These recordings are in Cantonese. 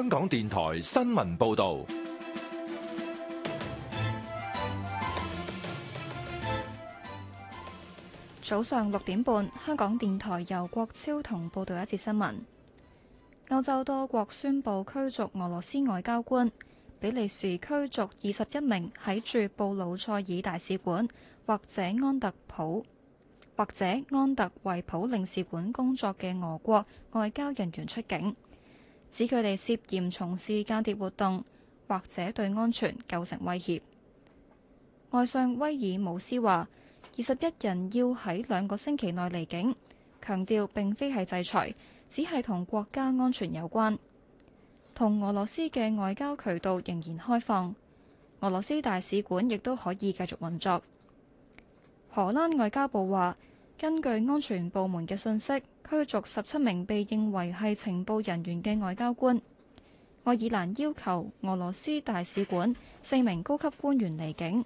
香港電台新聞報道，早上六點半，香港電台由國超同報道一節新聞。歐洲多國宣布驅逐俄羅斯外交官，比利時驅逐二十一名喺駐布魯塞爾大使館或者安特普或者安特衛普領事館工作嘅俄國外交人員出境。指佢哋涉嫌從事間諜活動，或者對安全構成威脅。外相威爾姆斯話，二十一人要喺兩個星期內離境，強調並非係制裁，只係同國家安全有關。同俄羅斯嘅外交渠道仍然開放，俄羅斯大使館亦都可以繼續運作。荷蘭外交部話。根據安全部門嘅信息，驅逐十七名被認為係情報人員嘅外交官。愛爾蘭要求俄羅斯大使館四名高級官員離境，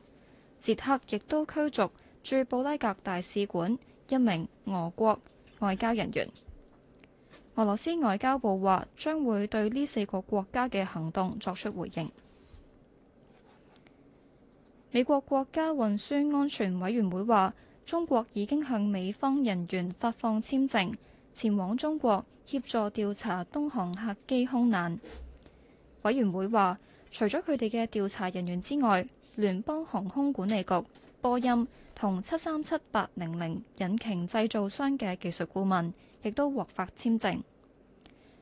捷克亦都驅逐駐布拉格大使館一名俄國外交人員。俄羅斯外交部話將會對呢四個國家嘅行動作出回應。美國國家運輸安全委員會話。中國已經向美方人員發放簽證，前往中國協助調查東航客機空難。委員會話，除咗佢哋嘅調查人員之外，聯邦航空管理局、波音同七三七八零零引擎製造商嘅技術顧問，亦都獲發簽證。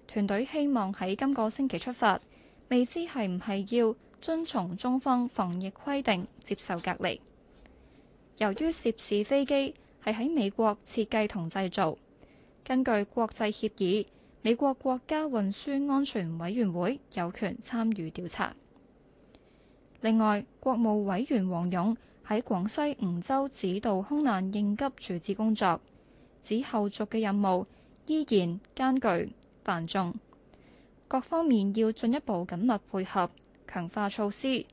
團隊希望喺今個星期出發，未知係唔係要遵從中方防疫規定接受隔離。由於涉事飛機係喺美國設計同製造，根據國際協議，美國國家運輸安全委員會有權參與調查。另外，國務委員王勇喺廣西梧州指導空難應急處置工作，指後續嘅任務依然艱巨繁重，各方面要進一步緊密配合，強化措施，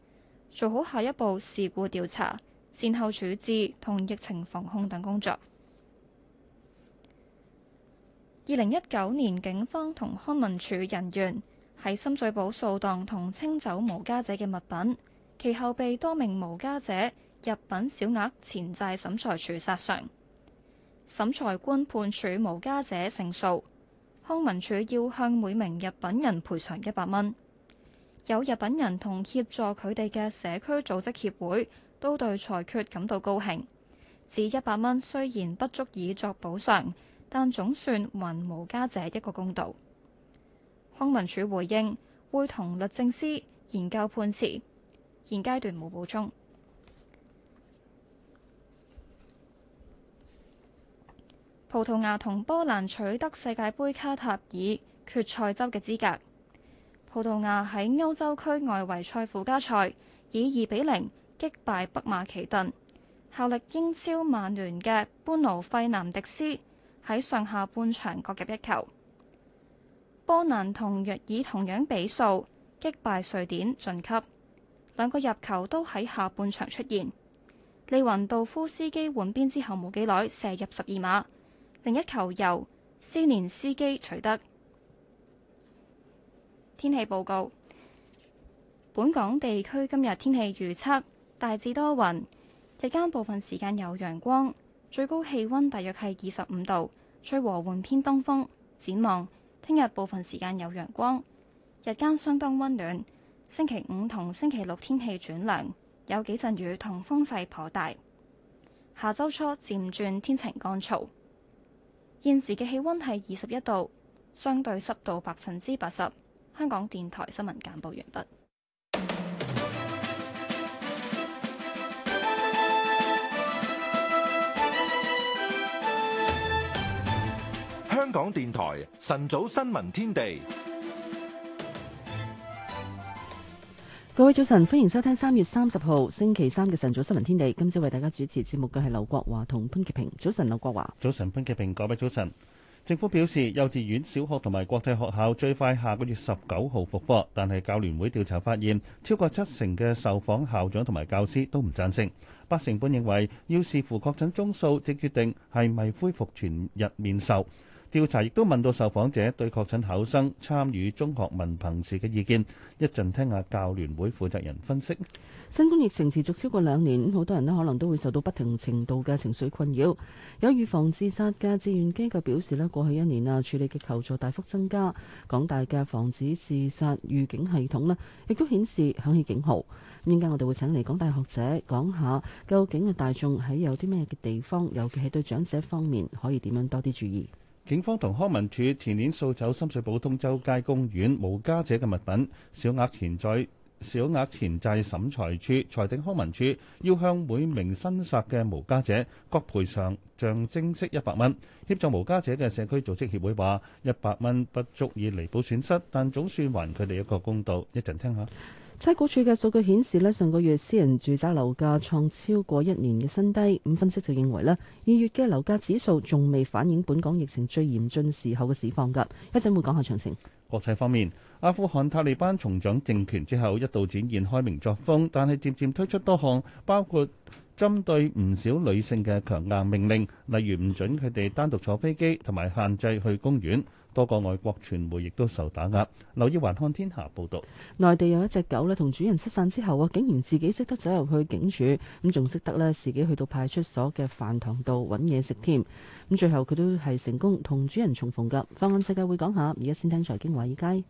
做好下一步事故調查、善後處置同疫情防控等工作。二零一九年，警方同康文署人員喺深水埗掃蕩同清走無家者嘅物品，其後被多名無家者入稟小額錢債審裁處索償，審裁官判處無家者勝訴，康文署要向每名入稟人賠償一百蚊。有入稟人同協助佢哋嘅社區組織協會都對裁決感到高興，指一百蚊雖然不足以作補償，但總算還無家者一個公道。康文署回應會同律政司研究判詞，現階段冇補充。葡萄牙同波蘭取得世界盃卡塔爾決賽周嘅資格。葡萄牙喺歐洲區外圍賽附加賽以二比零，擊敗北馬其頓，效力英超曼聯嘅般奴費南迪斯喺上下半場各入一球。波蘭同若爾同樣比數擊敗瑞典晉級，兩個入球都喺下半場出現。利雲道夫斯基換邊之後冇幾耐射入十二碼，另一球由斯連斯基取得。天氣報告：本港地區今日天氣預測。大致多雲，日間部分時間有陽光，最高氣溫大約係二十五度，吹和緩偏東風。展望，聽日部分時間有陽光，日間相當溫暖。星期五同星期六天氣轉涼，有幾陣雨同風勢頗大。下周初漸轉天晴乾燥。現時嘅氣溫係二十一度，相對濕度百分之八十。香港電台新聞簡報完畢。香港電台晨早新聞天地，各位早晨，歡迎收聽三月三十號星期三嘅晨早新聞天地。今朝為大家主持節目嘅係劉國華同潘潔平。早晨，劉國華。早晨，潘潔平。各位早晨。政府表示，幼稚園、小學同埋國際學校最快下個月十九號復課，但係教聯會調查發現，超過七成嘅受訪校長同埋教師都唔贊成，八成半認為要視乎確診宗數，即決定係咪恢復全日面授。調查亦都問到受訪者對確診考生參與中學文憑試嘅意見。一陣聽下教聯會負責人分析。新冠疫情持續超過兩年，好多人都可能都會受到不同程度嘅情緒困擾。有預防自殺嘅志願機構表示咧，過去一年啊，處理嘅求助大幅增加。港大嘅防止自殺預警系統咧，亦都顯示響起警號。咁依家我哋會請嚟港大學者講下究竟嘅大眾喺有啲咩嘅地方，尤其係對長者方面可以點樣多啲注意。警方同康文署前年掃走深水埗通州街公園無家者嘅物品，小額錢債小額錢債審裁處裁定康文署要向每名申索嘅無家者各賠償象徵式一百蚊。協助無家者嘅社區組織協會話：一百蚊不足以彌補損失，但總算還佢哋一個公道。一陣聽下。差估署嘅數據顯示咧，上個月私人住宅樓價創超過一年嘅新低。咁分析就認為咧，二月嘅樓價指數仲未反映本港疫情最嚴峻時候嘅市況㗎。一陣會講下詳情。國際方面，阿富汗塔利班重掌政權之後，一度展現開明作風，但係漸漸推出多項包括針對唔少女性嘅強硬命令，例如唔准佢哋單獨坐飛機同埋限制去公園。多個外國傳媒亦都受打壓。留意《環看天下》報道，內地有一隻狗咧，同主人失散之後，我竟然自己識得走入去警署，咁仲識得咧自己去到派出所嘅飯堂度揾嘢食添。咁最後佢都係成功同主人重逢噶。方案世界會講下，而家先聽財經華爾街。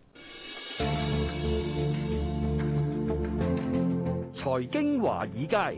財經華爾街，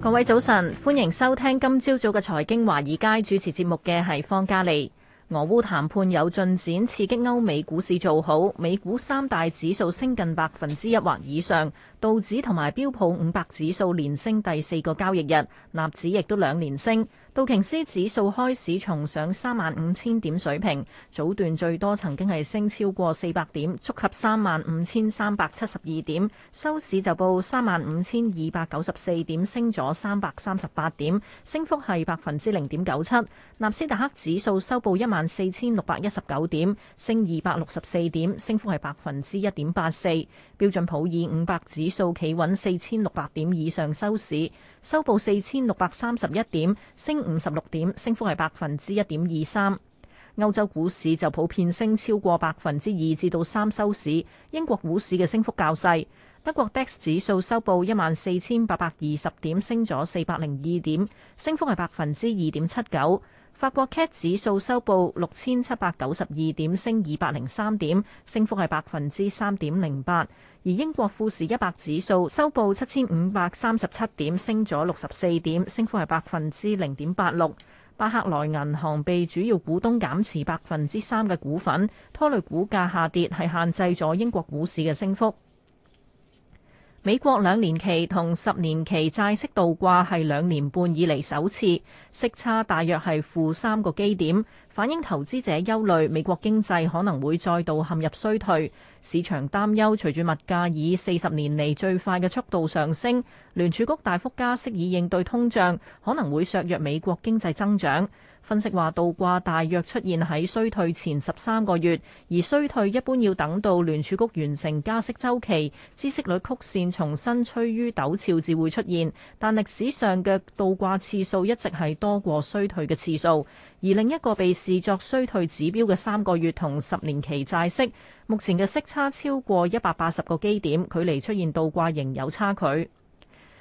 各位早晨，歡迎收聽今朝早嘅財經華爾街主持節目嘅係方嘉利。俄烏談判有進展，刺激歐美股市做好，美股三大指數升近百分之一或以上，道指同埋標普五百指數連升第四個交易日，納指亦都兩連升。道瓊斯指數開始重上三萬五千點水平，早段最多曾經係升超過四百點，觸及三萬五千三百七十二點，收市就報三萬五千二百九十四點，升咗三百三十八點，升幅係百分之零點九七。納斯達克指數收報一萬四千六百一十九點，升二百六十四點，升幅係百分之一點八四。標準普爾五百指數企穩四千六百點以上收市，收報四千六百三十一點，升五十六點，升幅係百分之一點二三。歐洲股市就普遍升超過百分之二至到三收市，英國股市嘅升幅較細，德國 DAX 指數收報一萬四千八百二十點，升咗四百零二點，升幅係百分之二點七九。法國 CAC 指數收報六千七百九十二點，升二百零三點，升幅係百分之三點零八。而英國富時一百指數收報七千五百三十七點，升咗六十四點，升幅係百分之零點八六。巴克萊銀行被主要股東減持百分之三嘅股份，拖累股價下跌，係限制咗英國股市嘅升幅。美國兩年期同十年期債息倒掛係兩年半以嚟首次，息差大約係負三個基點。反映投資者憂慮美國經濟可能會再度陷入衰退。市場擔憂隨住物價以四十年嚟最快嘅速度上升，聯儲局大幅加息以應對通脹，可能會削弱美國經濟增長。分析話倒掛大約出現喺衰退前十三個月，而衰退一般要等到聯儲局完成加息週期，孳息率曲線重新趨於陡峭至會出現。但歷史上嘅倒掛次數一直係多過衰退嘅次數。而另一個被視作衰退指標嘅三個月同十年期債息，目前嘅息差超過一百八十個基點，距離出現倒掛仍有差距。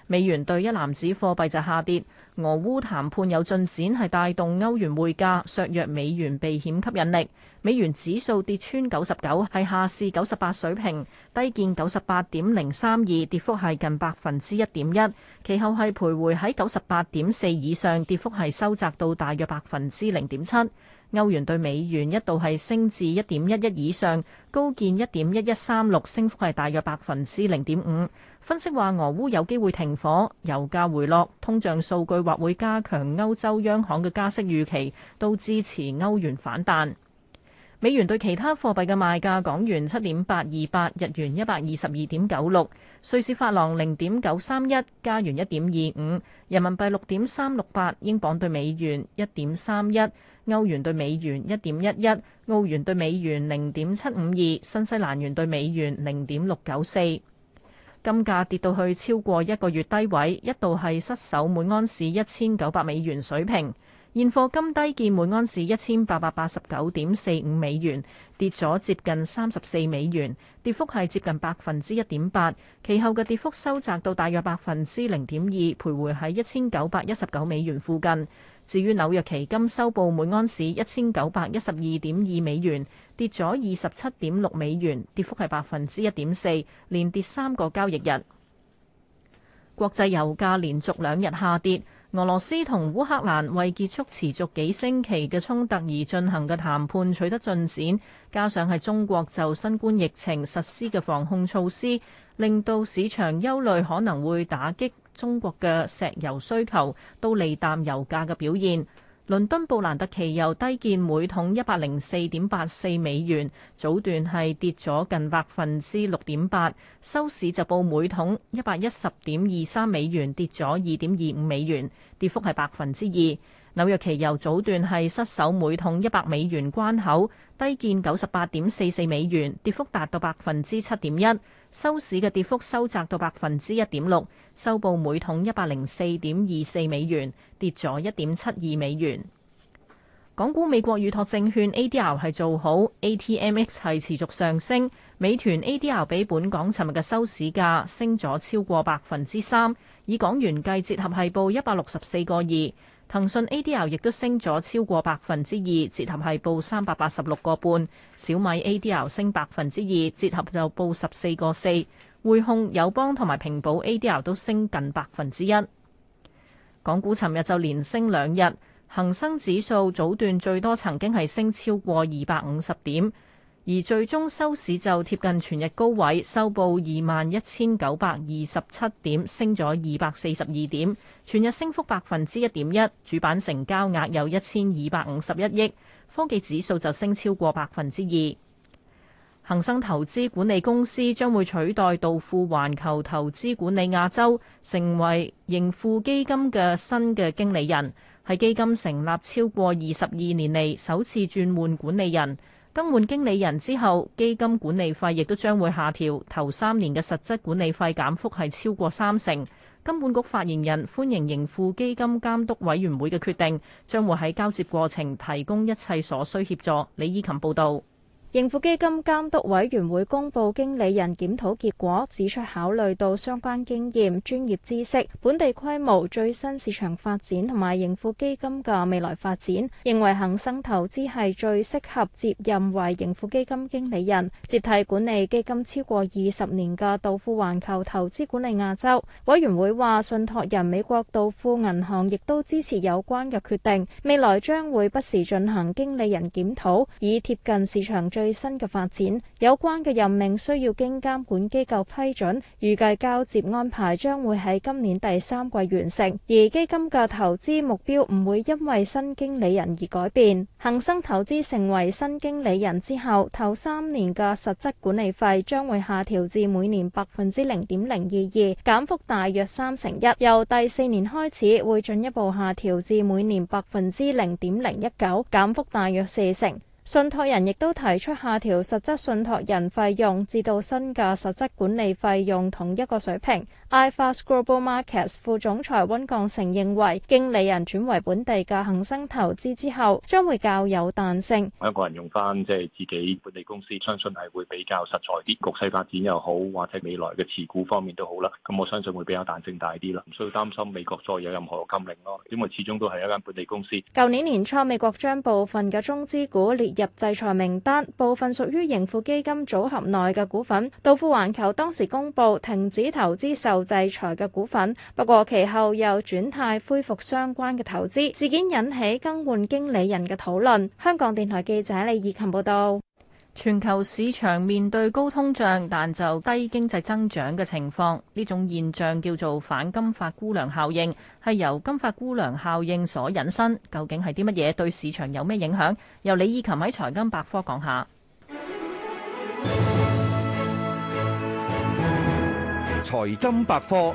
美元兌一籃子貨幣就下跌，俄烏談判有進展係帶動歐元匯價削弱美元避險吸引力。美元指數跌穿九十九，係下試九十八水平，低見九十八點零三二，跌幅係近百分之一點一。其後係徘徊喺九十八點四以上，跌幅係收窄到大約百分之零點七。歐元對美元一度係升至一點一一以上，高見一點一一三六，升幅係大約百分之零點五。分析話，俄烏有機會停火，油價回落，通脹數據或會加強歐洲央行嘅加息預期，都支持歐元反彈。美元對其他貨幣嘅賣價：港元七點八二八，日元一百二十二點九六，瑞士法郎零點九三一，加元一點二五，人民幣六點三六八，英鎊兌美元一點三一。歐元對美元一點一一，澳元對美元零點七五二，新西蘭元對美元零點六九四。金價跌到去超過一個月低位，一度係失守每盎士一千九百美元水平。現貨金低見每盎士一千八百八十九點四五美元，跌咗接近三十四美元，跌幅係接近百分之一點八。其後嘅跌幅收窄到大約百分之零點二，徘徊喺一千九百一十九美元附近。至於紐約期金收報每安士一千九百一十二點二美元，跌咗二十七點六美元，跌幅係百分之一點四，連跌三個交易日。國際油價連續兩日下跌，俄羅斯同烏克蘭為結束持續幾星期嘅衝突而進行嘅談判取得進展，加上係中國就新冠疫情實施嘅防控措施，令到市場憂慮可能會打擊中國嘅石油需求都利淡油價嘅表現。倫敦布蘭特期油低見每桶一百零四點八四美元，早段係跌咗近百分之六點八，收市就報每桶一百一十點二三美元，跌咗二點二五美元，跌幅係百分之二。紐約期油早段係失守每桶一百美元關口，低見九十八點四四美元，跌幅達到百分之七點一。收市嘅跌幅收窄到百分之一點六，收報每桶一百零四點二四美元，跌咗一點七二美元。港股美國預托證券 A D R 係做好，A T M X 係持續上升。美團 A D R 比本港尋日嘅收市價升咗超過百分之三，以港元計，折合係報一百六十四個二。騰訊 ADR 亦都升咗超過百分之二，折合係報三百八十六個半；小米 ADR 升百分之二，折合就報十四個四；匯控、友邦同埋平保 ADR 都升近百分之一。港股尋日就連升兩日，恒生指數早段最多曾經係升超過二百五十點。而最終收市就貼近全日高位，收報二萬一千九百二十七點，升咗二百四十二點，全日升幅百分之一點一。主板成交額有一千二百五十一億，科技指數就升超過百分之二。恒生投資管理公司將會取代道富環球投資管理亞洲，成為盈富基金嘅新嘅經理人，係基金成立超過二十二年嚟首次轉換管理人。更換經理人之後，基金管理費亦都將會下調，頭三年嘅實質管理費減幅係超過三成。金管局發言人歡迎盈富基金監督委員會嘅決定，將會喺交接過程提供一切所需協助。李依琴報道。盈富基金監督委員會公布經理人檢討結果，指出考慮到相關經驗、專業知識、本地規模、最新市場發展同埋盈富基金嘅未來發展，認為恒生投資係最適合接任為盈富基金經理人，接替管理基金超過二十年嘅道富環球投資管理亞洲。委員會話，信託人美國道富銀行亦都支持有關嘅決定，未來將會不時進行經理人檢討，以貼近市場最。最新嘅發展，有關嘅任命需要經監管機構批准，預計交接安排將會喺今年第三季完成。而基金嘅投資目標唔會因為新經理人而改變。恒生投資成為新經理人之後，頭三年嘅實質管理費將會下調至每年百分之零點零二二，減幅大約三成一。由第四年開始，會進一步下調至每年百分之零點零一九，減幅大約四成。信託人亦都提出下調實質信託人費用，至到新嘅實質管理費用同一個水平。iFast Global Markets 副總裁溫鋼成認為，經理人轉為本地嘅恒生投資之後，將會較有彈性。我一個人用翻即係自己本地公司，相信係會比較實在啲。局勢發展又好，或者未來嘅持股方面都好啦。咁我相信會比較彈性大啲啦，唔需要擔心美國再有任何禁令咯，因為始終都係一間本地公司。舊年年初，美國將部分嘅中資股列入制裁名單，部分屬於盈富基金組合內嘅股份。道富環球當時公布停止投資受制裁嘅股份，不過其後又轉態恢復相關嘅投資事件，引起更換經理人嘅討論。香港電台記者李以琴報道，全球市場面對高通脹，但就低經濟增長嘅情況，呢種現象叫做反金髮姑娘效應，係由金髮姑娘效應所引申。究竟係啲乜嘢對市場有咩影響？由李以琴喺財金百科講下。財金百科。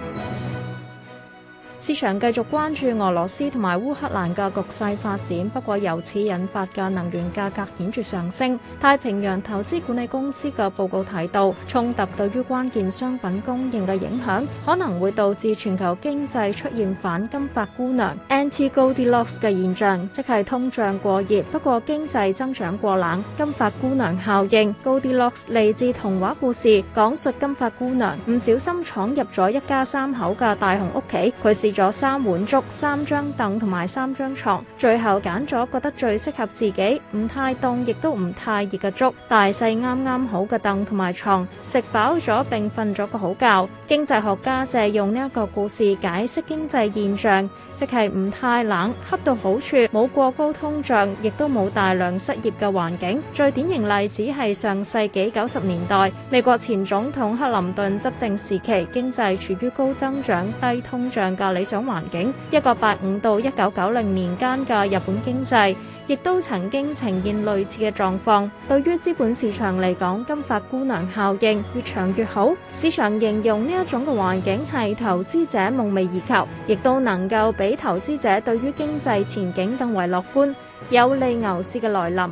市場繼續關注俄羅斯同埋烏克蘭嘅局勢發展，不過由此引發嘅能源價格顯著上升。太平洋投資管理公司嘅報告提到，衝突對於關鍵商品供應嘅影響，可能會導致全球經濟出現反金髮姑娘 （anti-goldilocks） 嘅現象，即係通脹過熱，不過經濟增長過冷。金髮姑娘效應 g o l d i l o c 嚟自童話故事，講述金髮姑娘唔小心闖入咗一家三口嘅大紅屋企，佢咗三碗粥、三張凳同埋三張床，最後揀咗覺得最適合自己、唔太凍亦都唔太熱嘅粥、大細啱啱好嘅凳同埋床，食飽咗並瞓咗個好覺。經濟學家借用呢一個故事解釋經濟現象，即係唔太冷、恰到好處、冇過高通脹，亦都冇大量失業嘅環境。最典型例子係上世紀九十年代美國前總統克林頓執政時期，經濟處於高增長、低通脹嘅理想環境。一個八五到一九九零年間嘅日本經濟，亦都曾經呈現類似嘅狀況。對於資本市場嚟講，金髮姑娘效應越長越好。市場形容呢一種嘅環境係投資者夢寐以求，亦都能夠俾投資者對於經濟前景更為樂觀，有利牛市嘅來臨。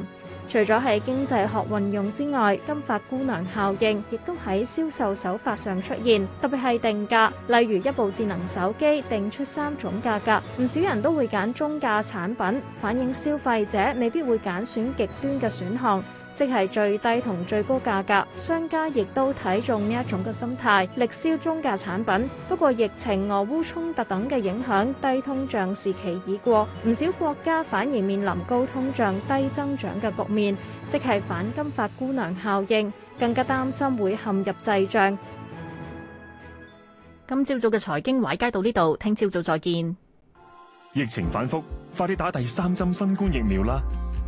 除咗喺經濟學運用之外，金髮姑娘效應亦都喺銷售手法上出現，特別係定價，例如一部智能手機定出三種價格，唔少人都會揀中價產品，反映消費者未必會揀選，選極端嘅選項。即係最低同最高價格，商家亦都睇中呢一種嘅心態，力銷中價產品。不過疫情、俄烏衝突等嘅影響，低通脹時期已過，唔少國家反而面臨高通脹、低增長嘅局面，即係反金髮姑娘效應，更加擔心會陷入滯脹。今朝早嘅財經話街到呢度，聽朝早再見。疫情反覆，快啲打第三針新冠疫苗啦！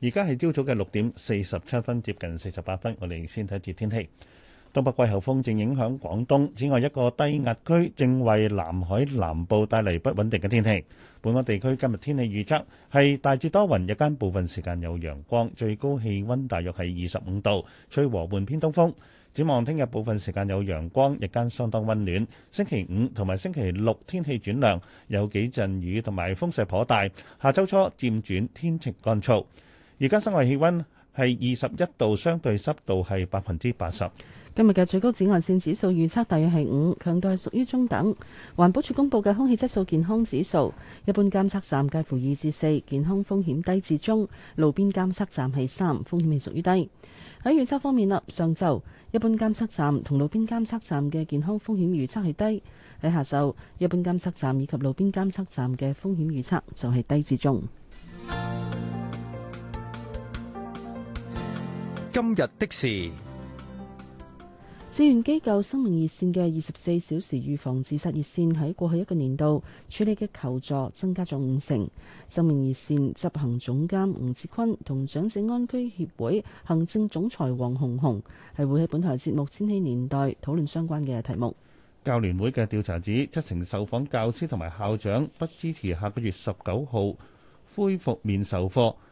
而家係朝早嘅六點四十七分，接近四十八分。我哋先睇一節天氣。東北季候風正影響廣東，此外一個低壓區正為南海南部帶嚟不穩定嘅天氣。本港地區今日天氣預測係大致多雲，日間部分時間有陽光，最高氣温大約係二十五度，吹和緩偏東風。展望聽日部分時間有陽光，日間相當温暖。星期五同埋星期六天氣轉涼，有幾陣雨同埋風勢頗大。下周初漸轉天晴乾燥。而家室外氣溫係二十一度，相對濕度係百分之八十。今日嘅最高紫外線指數預測大約係五，強度係屬於中等。環保署公布嘅空氣質素健康指數，一般監測站介乎二至四，健康風險低至中；路邊監測站係三，風險係屬於低。喺預測方面啦，上晝一般監測站同路邊監測站嘅健康風險預測係低；喺下晝一般監測站以及路邊監測站嘅風險預測就係低至中。今日的事，志願機構生命熱線嘅二十四小時預防自殺熱線喺過去一個年度處理嘅求助增加咗五成。生命熱線執行總監吳志坤同長者安居協會行政總裁王虹虹係會喺本台節目《千禧年代》討論相關嘅題目。教聯會嘅調查指，七成受訪教師同埋校長不支持下個月十九號恢復面授課。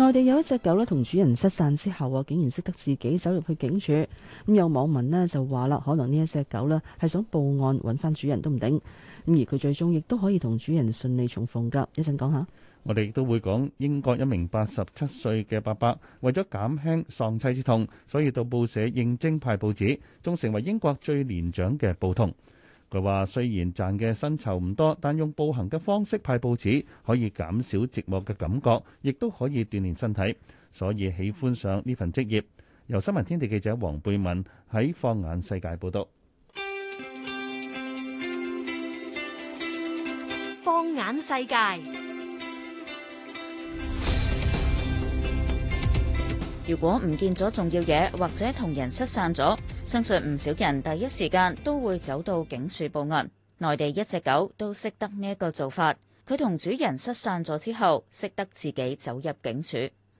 內地有一隻狗咧，同主人失散之後啊，竟然識得自己走入去警署。咁有網民咧就話啦，可能呢一隻狗咧係想報案揾翻主人都唔定。咁而佢最終亦都可以同主人順利重逢㗎。一陣講下，我哋亦都會講英國一名八十七歲嘅伯伯，為咗減輕喪妻之痛，所以到報社應徵派報紙，仲成為英國最年長嘅報童。佢話：雖然賺嘅薪酬唔多，但用步行嘅方式派報紙可以減少寂寞嘅感覺，亦都可以鍛鍊身體，所以喜歡上呢份職業。由新聞天地記者黃貝敏喺《放眼世界》報道，《放眼世界》。如果唔見咗重要嘢或者同人失散咗，相信唔少人第一時間都會走到警署報案。內地一隻狗都識得呢一個做法，佢同主人失散咗之後，識得自己走入警署。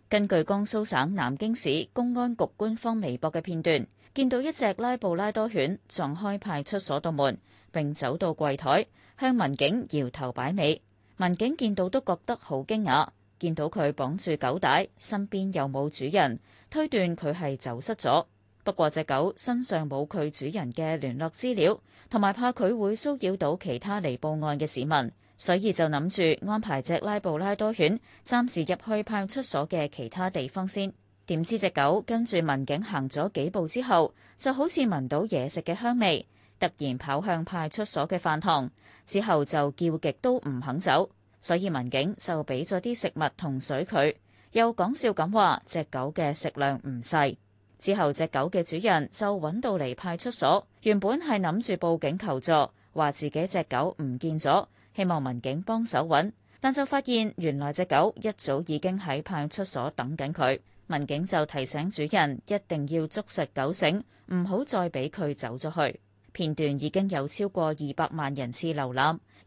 根據江蘇省南京市公安局官方微博嘅片段，見到一隻拉布拉多犬撞開派出所道門，並走到櫃台向民警搖頭擺尾，民警見到都覺得好驚訝。見到佢綁住狗帶，身邊又冇主人，推斷佢係走失咗。不過隻狗身上冇佢主人嘅聯絡資料，同埋怕佢會騷擾到其他嚟報案嘅市民，所以就諗住安排隻拉布拉多犬暫時入去派出所嘅其他地方先。點知隻狗跟住民警行咗幾步之後，就好似聞到嘢食嘅香味，突然跑向派出所嘅飯堂，之後就叫極都唔肯走。所以民警就俾咗啲食物同水佢，又講笑咁話隻狗嘅食量唔細。之後隻狗嘅主人就揾到嚟派出所，原本係諗住報警求助，話自己隻狗唔見咗，希望民警幫手揾。但就發現原來隻狗一早已經喺派出所等緊佢。民警就提醒主人一定要捉實狗繩，唔好再俾佢走咗去。片段已經有超過二百萬人次瀏覽。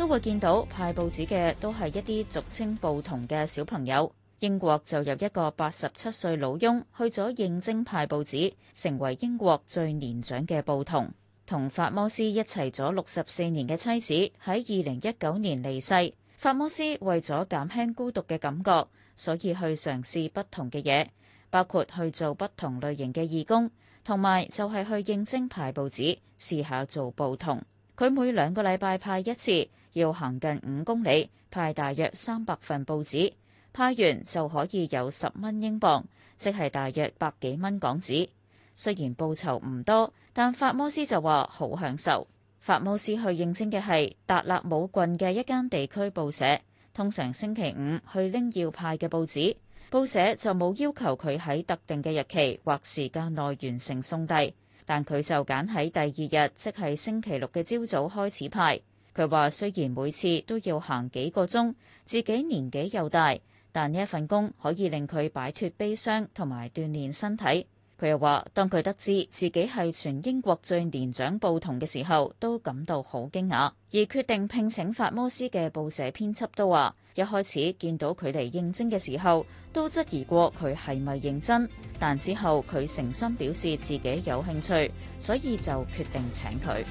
都會見到派報紙嘅都係一啲俗稱報童嘅小朋友。英國就有一個八十七歲老翁去咗應徵派報紙，成為英國最年長嘅報童。同法摩斯一齊咗六十四年嘅妻子喺二零一九年離世。法摩斯為咗減輕孤獨嘅感覺，所以去嘗試不同嘅嘢，包括去做不同類型嘅義工，同埋就係去應徵派報紙，試下做報童。佢每兩個禮拜派一次。要行近五公里，派大約三百份報紙，派完就可以有十蚊英鎊，即係大約百幾蚊港紙。雖然報酬唔多，但法摩斯就話好享受。法摩斯去應徵嘅係達勒姆郡嘅一間地區報社，通常星期五去拎要派嘅報紙，報社就冇要求佢喺特定嘅日期或時間內完成送遞，但佢就揀喺第二日，即係星期六嘅朝早開始派。佢話：雖然每次都要行幾個鐘，自己年紀又大，但呢一份工可以令佢擺脱悲傷同埋鍛鍊身體。佢又話：當佢得知自己係全英國最年長報童嘅時候，都感到好驚訝，而決定聘請法摩斯嘅報社編輯都話：一開始見到佢嚟應徵嘅時候，都質疑過佢係咪認真，但之後佢誠心表示自己有興趣，所以就決定請佢。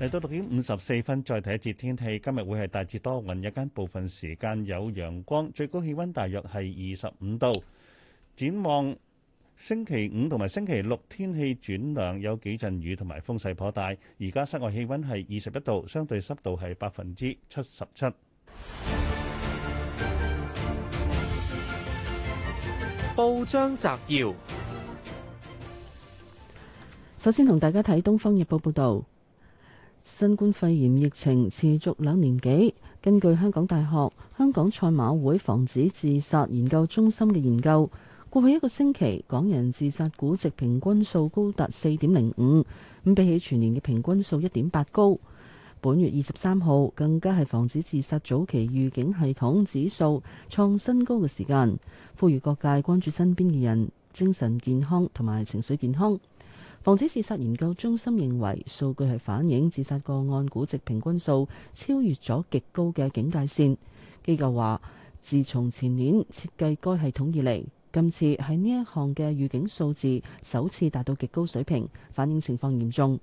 嚟到六點五十四分，再睇一節天氣。今日會係大致多雲，日間部分時間有陽光，最高氣温大約係二十五度。展望星期五同埋星期六，天氣轉涼，有幾陣雨同埋風勢頗大。而家室外氣温係二十一度，相對濕度係百分之七十七。報章摘要，首先同大家睇《東方日報》報導。新冠肺炎疫情持續兩年幾，根據香港大學香港賽馬會防止自殺研究中心嘅研究，過去一個星期港人自殺估值平均數高達四點零五，咁比起全年嘅平均數一點八高。本月二十三號更加係防止自殺早期預警系統指數創新高嘅時間，呼籲各界關注身邊嘅人精神健康同埋情緒健康。防止自殺研究中心認為，數據係反映自殺個案估值平均數超越咗極高嘅警戒線。機構話，自從前年設計該系統以嚟，今次喺呢一項嘅預警數字首次達到極高水平，反映情況嚴重。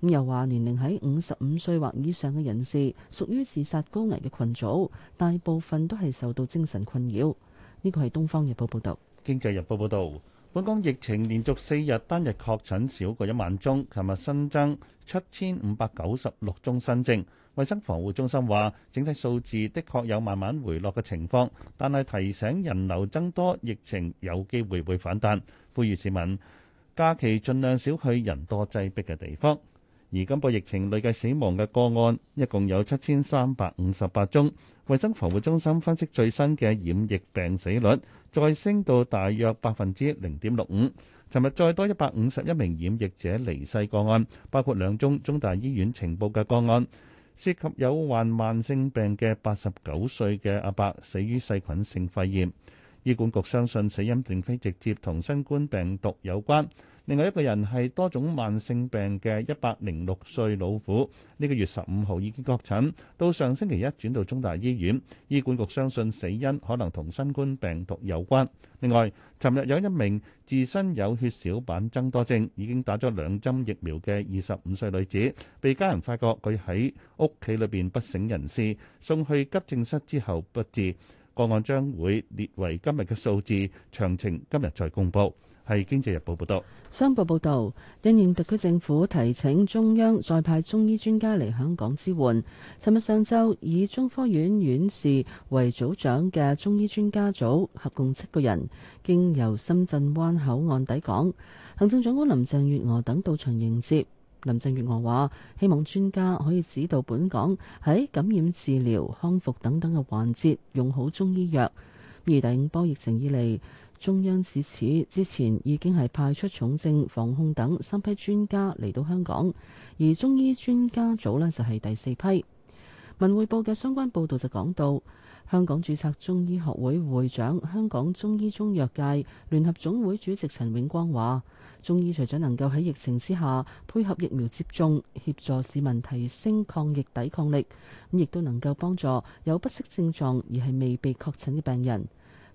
咁又話，年齡喺五十五歲或以上嘅人士屬於自殺高危嘅群組，大部分都係受到精神困擾。呢個係《東方日報，報道》報導，《經濟日報，報道》報導。本港疫情連續四日單日確診少過一萬宗，琴日新增七千五百九十六宗新症。衛生防護中心話，整體數字的確有慢慢回落嘅情況，但係提醒人流增多，疫情有機會會反彈。呼籲市民假期儘量少去人多擠逼嘅地方。而今波疫情累計死亡嘅個案一共有七千三百五十八宗，衞生防護中心分析最新嘅染疫病死率再升到大約百分之零點六五。尋日再多一百五十一名染疫者離世個案，包括兩宗中大醫院呈報嘅個案，涉及有患慢性病嘅八十九歲嘅阿伯死於細菌性肺炎。醫管局相信死因並非直接同新冠病毒有關。另外一個人係多種慢性病嘅一百零六歲老婦，呢個月十五號已經確診，到上星期一轉到中大醫院。醫管局相信死因可能同新冠病毒有關。另外，尋日有一名自身有血小板增多症、已經打咗兩針疫苗嘅二十五歲女子，被家人發覺佢喺屋企裏邊不省人事，送去急症室之後不治。個案將會列為今日嘅數字，詳情今日再公布。係《經濟日報報道，商報報道，應應特區政府提請中央再派中醫專家嚟香港支援。尋日上晝以中科院院士為組長嘅中醫專家組合共七個人，經由深圳灣口岸抵港。行政長官林鄭月娥等到場迎接。林鄭月娥話希望專家可以指導本港喺感染、治療、康復等等嘅環節用好中醫藥，而頂波疫情以嚟，中央至此之前已經係派出重症防控等三批專家嚟到香港，而中醫專家組咧就係第四批。文匯報嘅相關報道就講到，香港注冊中醫學會會長、香港中醫中藥界聯合總會主席陳永光話，中醫除咗能夠喺疫情之下配合疫苗接種，協助市民提升抗疫抵抗力，咁亦都能夠幫助有不適症狀而係未被確診嘅病人。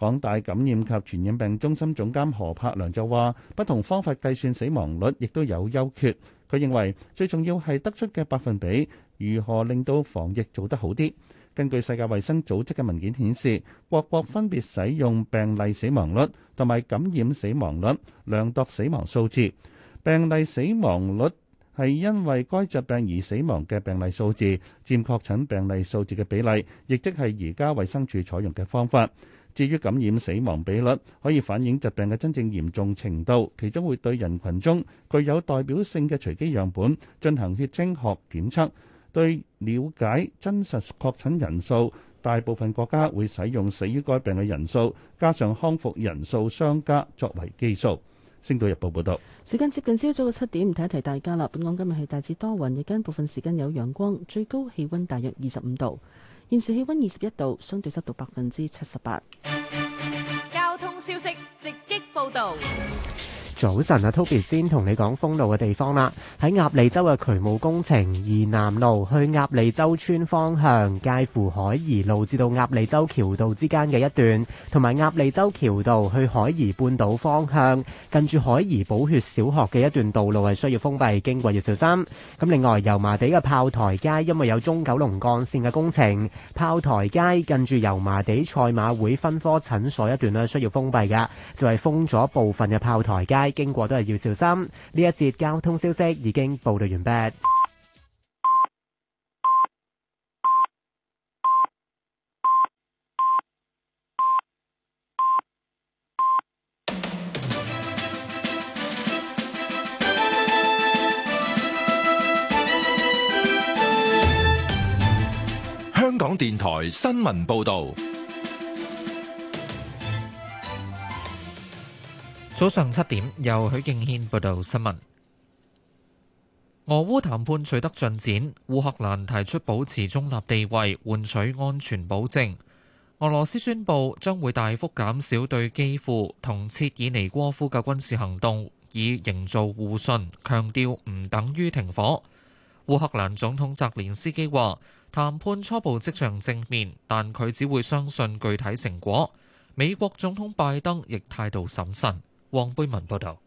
港大感染及傳染病中心總監何柏良就話：不同方法計算死亡率，亦都有優缺。佢認為最重要係得出嘅百分比，如何令到防疫做得好啲。根據世界衛生組織嘅文件顯示，各國分別使用病例死亡率同埋感染死亡率量度死亡數字。病例死亡率係因為該疾病而死亡嘅病例數字佔確診病例數字嘅比例，亦即係而家衞生署採用嘅方法。至於感染死亡比率，可以反映疾病嘅真正嚴重程度，其中會對人群中具有代表性嘅隨機樣本進行血清學檢測，對了解真實確診人數。大部分國家會使用死於該病嘅人數，加上康復人數相加作為基數。星島日報報道。時間接近朝早嘅七點，提一提大家啦。本港今日係大致多雲，日間部分時間有陽光，最高氣温大約二十五度。現時氣溫二十一度，相對濕度百分之七十八。交通消息，直擊報道。早晨啊，Toby 先同你講封路嘅地方啦。喺鴨脷洲嘅渠務工程，怡南路去鴨脷洲村方向，介乎海怡路至到鴨脷洲橋道之間嘅一段，同埋鴨脷洲橋道去海怡半島方向，近住海怡寶血小學嘅一段道路係需要封閉，經過要小心。咁另外，油麻地嘅炮台街因為有中九龍幹線嘅工程，炮台街近住油麻地賽馬會分科診所一段咧需要封閉嘅，就係封咗部分嘅炮台街。經過都係要小心。呢一節交通消息已經報道完畢。香港電台新聞報道。早上七點，由許敬軒報道新聞。俄烏談判取得進展，烏克蘭提出保持中立地位，換取安全保證。俄羅斯宣布將會大幅減少對基輔同切爾尼戈夫嘅軍事行動，以營造互信，強調唔等於停火。烏克蘭總統澤連斯基話，談判初步即場正面，但佢只會相信具體成果。美國總統拜登亦態度審慎。黃貝文報道：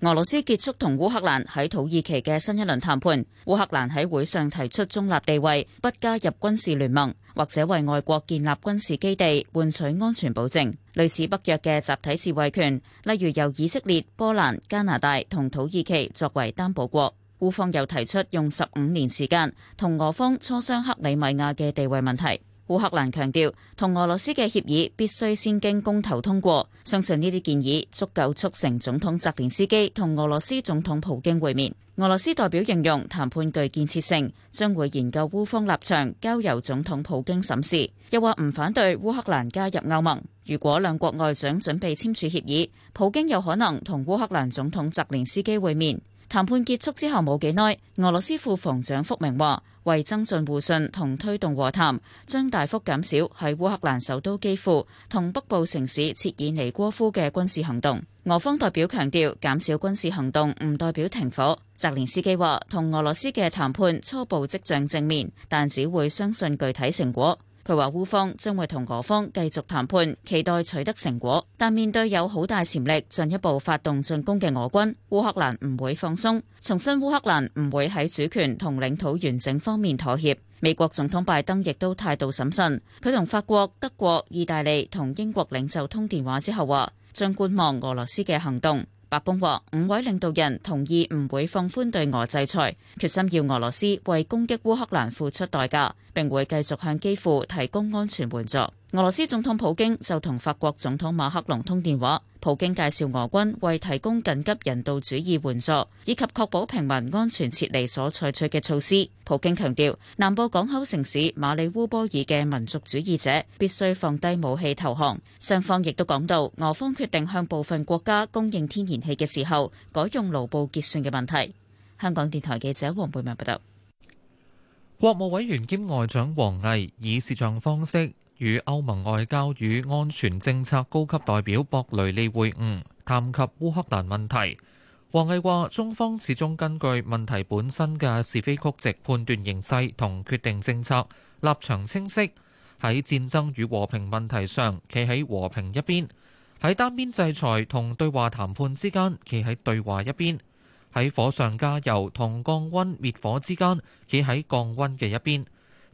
俄羅斯結束同烏克蘭喺土耳其嘅新一輪談判。烏克蘭喺會上提出中立地位，不加入軍事聯盟或者為外國建立軍事基地，換取安全保障，類似北約嘅集體自衛權，例如由以色列、波蘭、加拿大同土耳其作為擔保國。烏方又提出用十五年時間同俄方磋商克里米亞嘅地位問題。烏克蘭強調，同俄羅斯嘅協議必須先經公投通過，相信呢啲建議足夠促成總統澤連斯基同俄羅斯總統普京會面。俄羅斯代表形容談判具建設性，將會研究烏方立場，交由總統普京審視。又話唔反對烏克蘭加入歐盟。如果兩國外長準備簽署協議，普京有可能同烏克蘭總統澤連斯基會面。談判結束之後冇幾耐，俄羅斯副防長福明話。為增進互信同推動和談，將大幅減少喺烏克蘭首都基輔同北部城市切爾尼戈夫嘅軍事行動。俄方代表強調，減少軍事行動唔代表停火。澤連斯基話，同俄羅斯嘅談判初步迹象正面，但只會相信具體成果。佢話烏方將會同俄方繼續談判，期待取得成果。但面對有好大潛力進一步發動進攻嘅俄軍，烏克蘭唔會放鬆，重申烏克蘭唔會喺主權同領土完整方面妥協。美國總統拜登亦都態度審慎，佢同法國、德國、意大利同英國領袖通電話之後話，將觀望俄羅斯嘅行動。白宮話，五位領導人同意唔會放寬對俄制裁，決心要俄羅斯為攻擊烏克蘭付出代價，並會繼續向基輔提供安全援助。俄羅斯總統普京就同法國總統馬克龍通電話，普京介紹俄軍為提供緊急人道主義援助以及確保平民安全撤離所採取嘅措施。普京強調，南部港口城市馬里烏波爾嘅民族主義者必須放低武器投降。雙方亦都講到，俄方決定向部分國家供應天然氣嘅時候改用盧布結算嘅問題。香港電台記者黃佩文報道，國務委員兼外長王毅以視像方式。與歐盟外交與安全政策高級代表博雷利會晤，談及烏克蘭問題。王毅話：中方始終根據問題本身嘅是非曲直判斷形勢同決定政策，立場清晰。喺戰爭與和平問題上，企喺和平一邊；喺單邊制裁同對話談判之間，企喺對話一邊；喺火上加油同降温滅火之間，企喺降温嘅一邊。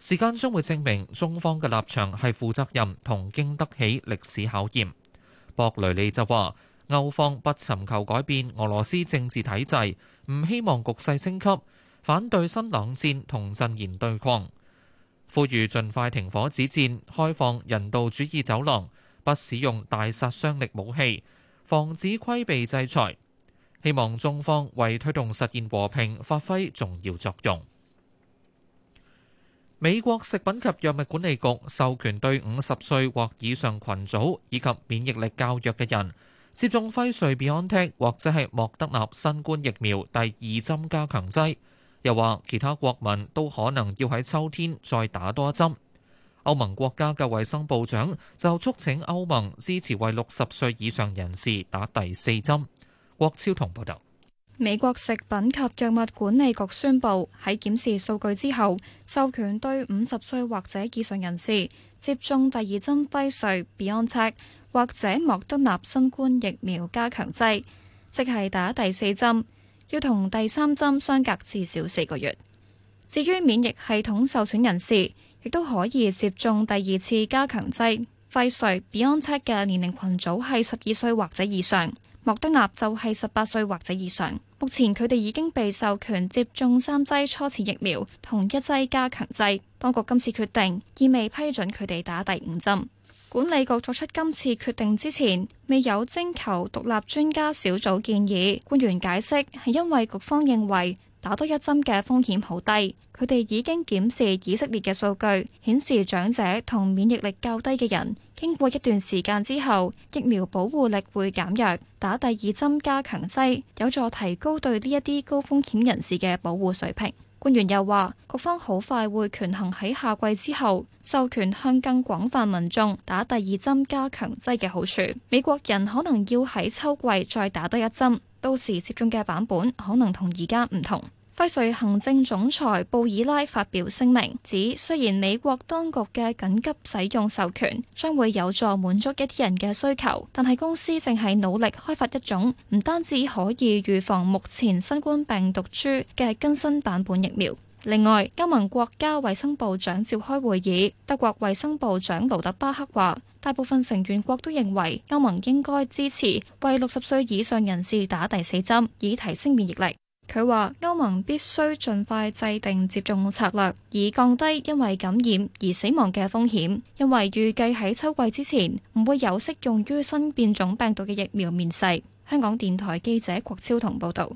時間將會證明中方嘅立場係負責任同經得起歷史考驗。博雷利就話：歐方不尋求改變俄羅斯政治體制，唔希望局勢升級，反對新冷戰同陣營對抗，呼籲盡快停火止戰，開放人道主義走廊，不使用大殺傷力武器，防止規避制裁，希望中方為推動實現和平發揮重要作用。美國食品及藥物管理局授權對五十歲或以上群組以及免疫力較弱嘅人，接種輝瑞、BioNTech 或者係莫德納新冠疫苗第二針加強劑。又話其他國民都可能要喺秋天再打多一針。歐盟國家嘅衛生部長就促請歐盟支持為六十歲以上人士打第四針。郭超同報道。美國食品及藥物管理局宣布，喺檢視數據之後，授權對五十歲或者以上人士接種第二針輝瑞、BioNTech 或者莫德納新冠疫苗加強劑，即係打第四針，要同第三針相隔至少四個月。至於免疫系統受損人士，亦都可以接種第二次加強劑。輝瑞、BioNTech 嘅年齡群組係十二歲或者以上。莫德納就係十八歲或者以上，目前佢哋已經被授權接種三劑初次疫苗同一劑加強劑。當局今次決定意味批准佢哋打第五針。管理局作出今次決定之前，未有徵求獨立專家小組建議。官員解釋係因為局方認為打多一針嘅風險好低，佢哋已經檢視以色列嘅數據，顯示長者同免疫力較低嘅人。經過一段時間之後，疫苗保護力會減弱，打第二針加強劑有助提高對呢一啲高風險人士嘅保護水平。官員又話，局方好快會權衡喺夏季之後授權向更廣泛民眾打第二針加強劑嘅好處。美國人可能要喺秋季再打多一針，到時接種嘅版本可能同而家唔同。輝瑞行政總裁布爾拉發表聲明指，雖然美國當局嘅緊急使用授權將會有助滿足一啲人嘅需求，但係公司正係努力開發一種唔單止可以預防目前新冠病毒株嘅更新版本疫苗。另外，歐盟國家衛生部長召開會議，德國衛生部長勞特巴克話，大部分成員國都認為歐盟應該支持為六十歲以上人士打第四針，以提升免疫力。佢話：歐盟必須盡快制定接種策略，以降低因為感染而死亡嘅風險。因為預計喺秋季之前唔會有適用於新變種病毒嘅疫苗面世。香港電台記者郭超彤報導。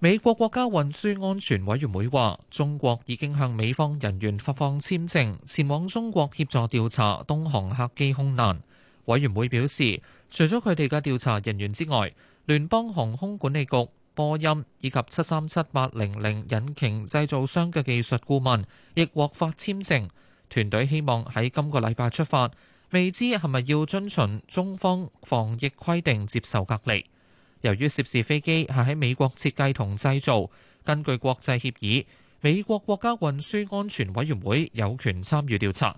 美國國家運輸安全委員會話：中國已經向美方人員發放簽證，前往中國協助調查東航客機空難。委員會表示，除咗佢哋嘅調查人員之外，聯邦航空管理局，波音以及七三七八零零引擎製造商嘅技術顧問亦獲發簽證，團隊希望喺今個禮拜出發，未知係咪要遵循中方防疫規定接受隔離。由於涉事飛機係喺美國設計同製造，根據國際協議，美國國家運輸安全委員會有權參與調查。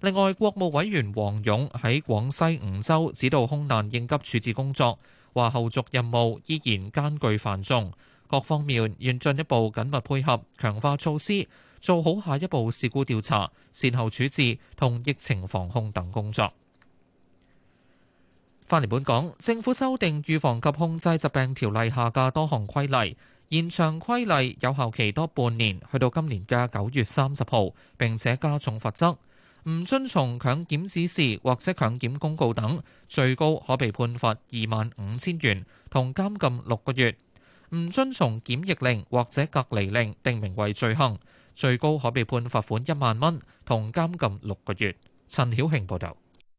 另外，國務委員王勇喺廣西梧州指導空難應急處置工作。話後續任務依然艱巨繁重，各方面願進一步緊密配合，強化措施，做好下一步事故調查、善後處置同疫情防控等工作。翻嚟本港，政府修訂《預防及控制疾病條例》下嘅多項規例，延長規例有效期多半年，去到今年嘅九月三十號，並且加重罰則。唔遵從強檢指示或者強檢公告等，最高可被判罰二萬五千元同監禁六個月；唔遵從檢疫令或者隔離令，定名為罪行，最高可被判罰款一萬蚊同監禁六個月。陳曉慶報道。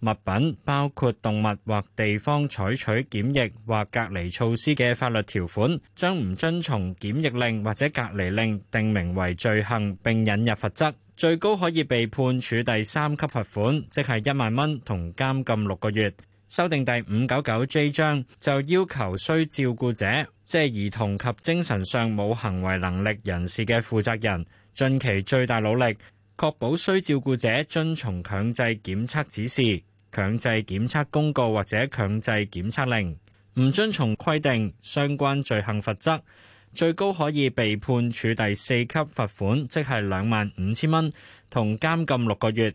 物品包括動物或地方採取檢疫或隔離措施嘅法律條款，將唔遵從檢疫令或者隔離令定名為罪行，並引入罰則，最高可以被判處第三級罰款，即係一萬蚊同監禁六個月。修訂第五九九 J 章就要求需照顧者，即係兒童及精神上冇行為能力人士嘅負責人，盡其最大努力。確保需照顧者遵從強制檢測指示、強制檢測公告或者強制檢測令。唔遵從規定相關罪行罰則，最高可以被判處第四級罰款，即係兩萬五千蚊同監禁六個月。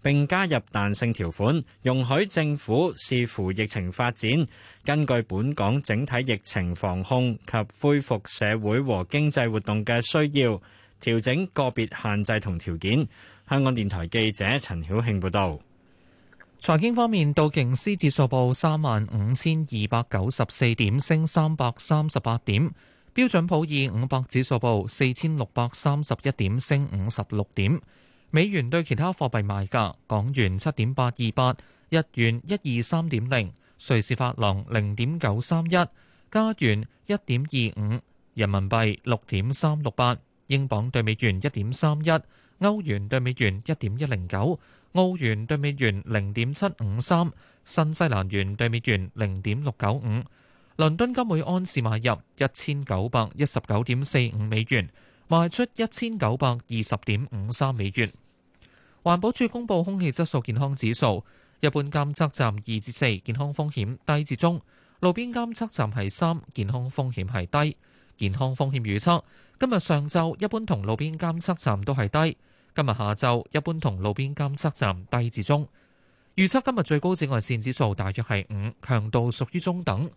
並加入彈性條款，容許政府視乎疫情發展，根據本港整體疫情防控及恢復社會和經濟活動嘅需要，調整個別限制同條件。香港電台記者陳曉慶報道。財經方面，道瓊斯指數報三萬五千二百九十四點，升三百三十八點；標準普爾五百指數報四千六百三十一點，升五十六點。美元對其他貨幣賣價：港元七點八二八，日元一二三點零，瑞士法郎零點九三一，加元一點二五，人民幣六點三六八，英鎊對美元一點三一，歐元對美元一點一零九，澳元對美元零點七五三，新西蘭元對美元零點六九五。倫敦金每安士買入一千九百一十九點四五美元。賣出一千九百二十點五三美元。環保署公布空氣質素健康指數，一般監測站二至四，健康風險低至中；路邊監測站係三，健康風險係低。健康風險預測：今日上晝一般同路邊監測站都係低；今日下晝一般同路邊監測站低至中。預測今日最高紫外綫指數大約係五，強度屬於中等。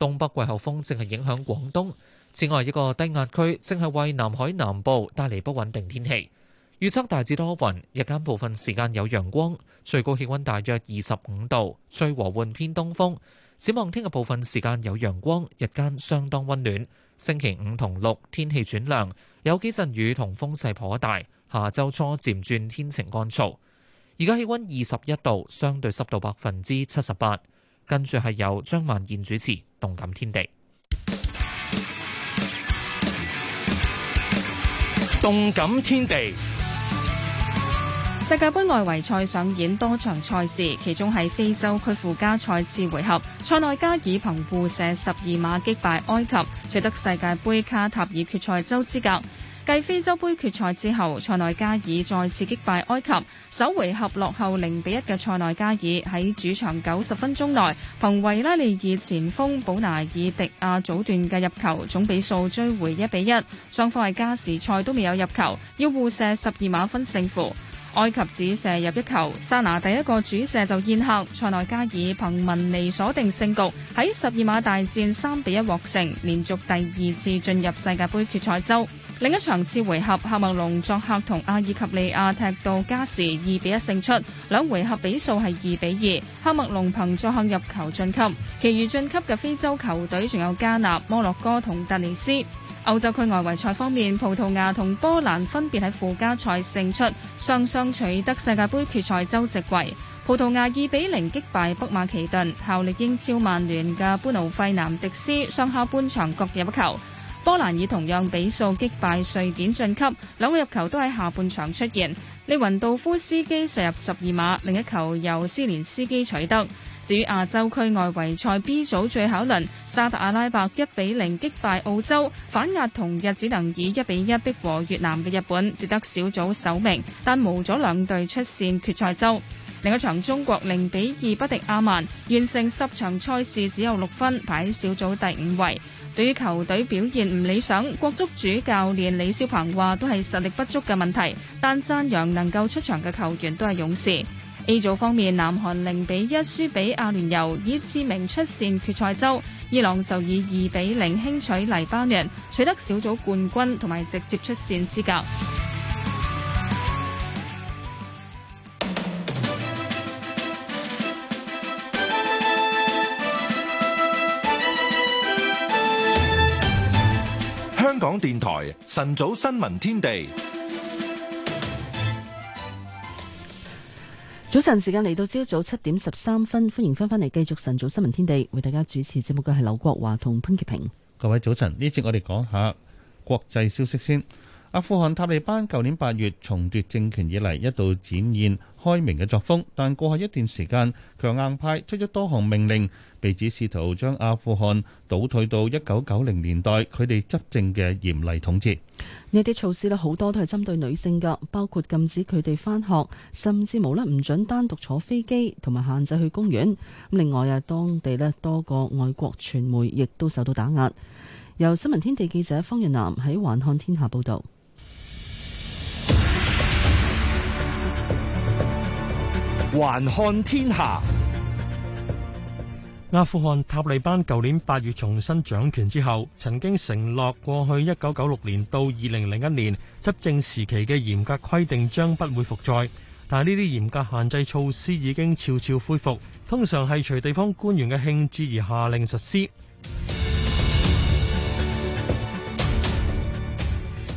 東北季候風正係影響廣東。此外，一個低壓區正係為南海南部帶嚟不穩定天氣。預測大致多雲，日間部分時間有陽光，最高氣温大約二十五度，吹和緩偏東風。展望聽日部分時間有陽光，日間相當温暖。星期五同六天氣轉涼，有幾陣雨同風勢頗大。下周初漸轉天晴乾燥。而家氣温二十一度，相對濕度百分之七十八。跟住係由張萬燕主持《動感天地》。動感天地，世界盃外圍賽上演多場賽事，其中喺非洲區附加賽次回合，塞內加爾憑互射十二碼擊敗埃及，取得世界盃卡塔爾決賽周資格。繼非洲杯決賽之後，塞內加爾再次擊敗埃及。首回合落後零比一嘅塞內加爾喺主場九十分鐘內憑維拉利爾前鋒保拿爾迪亞早段嘅入球，總比數追回一比一。雙方喺加時賽都未有入球，要互射十二碼分勝負。埃及只射入一球，沙拿第一個主射就宴客，塞內加爾憑文尼鎖定勝局，喺十二碼大戰三比一獲勝，連續第二次進入世界杯決賽周。另一場次回合，喀麥隆作客同阿爾及利亞踢到加時二比一勝出，兩回合比數係二比二，喀麥隆憑作客入球晉級。其餘晉級嘅非洲球隊仲有加納、摩洛哥同突尼斯。歐洲區外圍賽方面，葡萄牙同波蘭分別喺附加賽勝出，雙雙取得世界盃決賽周席位。葡萄牙二比零擊敗北馬其頓，效力英超曼聯嘅班奴費南迪斯上下半場各入一球。波蘭以同樣比數擊敗瑞典晉級，兩個入球都喺下半場出現。利雲道夫斯基射入十二碼，另一球由斯連斯基取得。至於亞洲區外圍賽 B 組最後輪，沙特阿拉伯一比零擊敗澳洲，反壓同日只能以一比一逼和越南嘅日本，奪得小組首名，但冇咗兩隊出線決賽周。另一場中國零比二不敵阿曼，完成十場賽事只有六分，排喺小組第五位。對於球隊表現唔理想，國足主教練李霄鵬話都係實力不足嘅問題，但讚揚能夠出場嘅球員都係勇士。A 組方面，南韓零比一輸俾阿聯酋，以志名出線決賽周；伊朗就以二比零輕取黎巴嫩，取得小組冠軍同埋直接出線資格。電台晨早新聞天地，早晨時間嚟到朝早七點十三分，歡迎翻返嚟繼續晨早新聞天地，為大家主持節目嘅係劉國華同潘潔平。各位早晨，呢節我哋講下國際消息先。阿富汗塔利班舊年八月重奪政權以嚟，一度展現開明嘅作風，但過去一段時間，強硬派出咗多項命令，被指試圖將阿富汗倒退到一九九零年代，佢哋執政嘅嚴厲統治。呢啲措施咧，好多都係針對女性噶，包括禁止佢哋返學，甚至無啦唔准單獨坐飛機，同埋限制去公園。咁另外啊，當地咧多個外國傳媒亦都受到打壓。由新聞天地記者方若南喺環看天下報道。還看天下。阿富汗塔利班舊年八月重新掌權之後，曾經承諾過去一九九六年到二零零一年執政時期嘅嚴格規定將不會復再，但係呢啲嚴格限制措施已經悄悄恢復，通常係隨地方官員嘅興致而下令實施。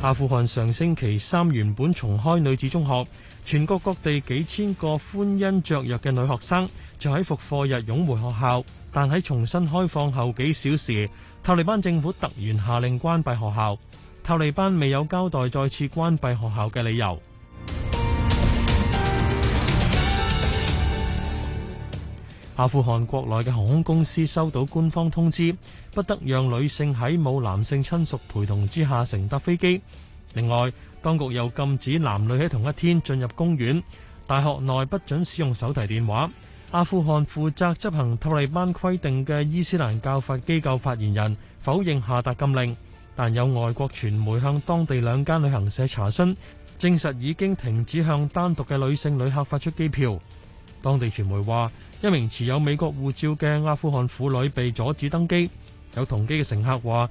阿富汗上星期三原本重開女子中學。全國各地幾千個歡欣雀躍嘅女學生就喺復課日湧回學校，但喺重新開放後幾小時，塔利班政府突然下令關閉學校。塔利班未有交代再次關閉學校嘅理由。 阿富汗國內嘅航空公司收到官方通知，不得讓女性喺冇男性親屬陪同之下乘搭飛機。另外，當局又禁止男女喺同一天進入公園，大學內不准使用手提電話。阿富汗負責執行塔利班規定嘅伊斯蘭教法機構發言人否認下達禁令，但有外國傳媒向當地兩間旅行社查詢，證實已經停止向單獨嘅女性旅客發出機票。當地傳媒話，一名持有美國護照嘅阿富汗婦女被阻止登機。有同機嘅乘客話。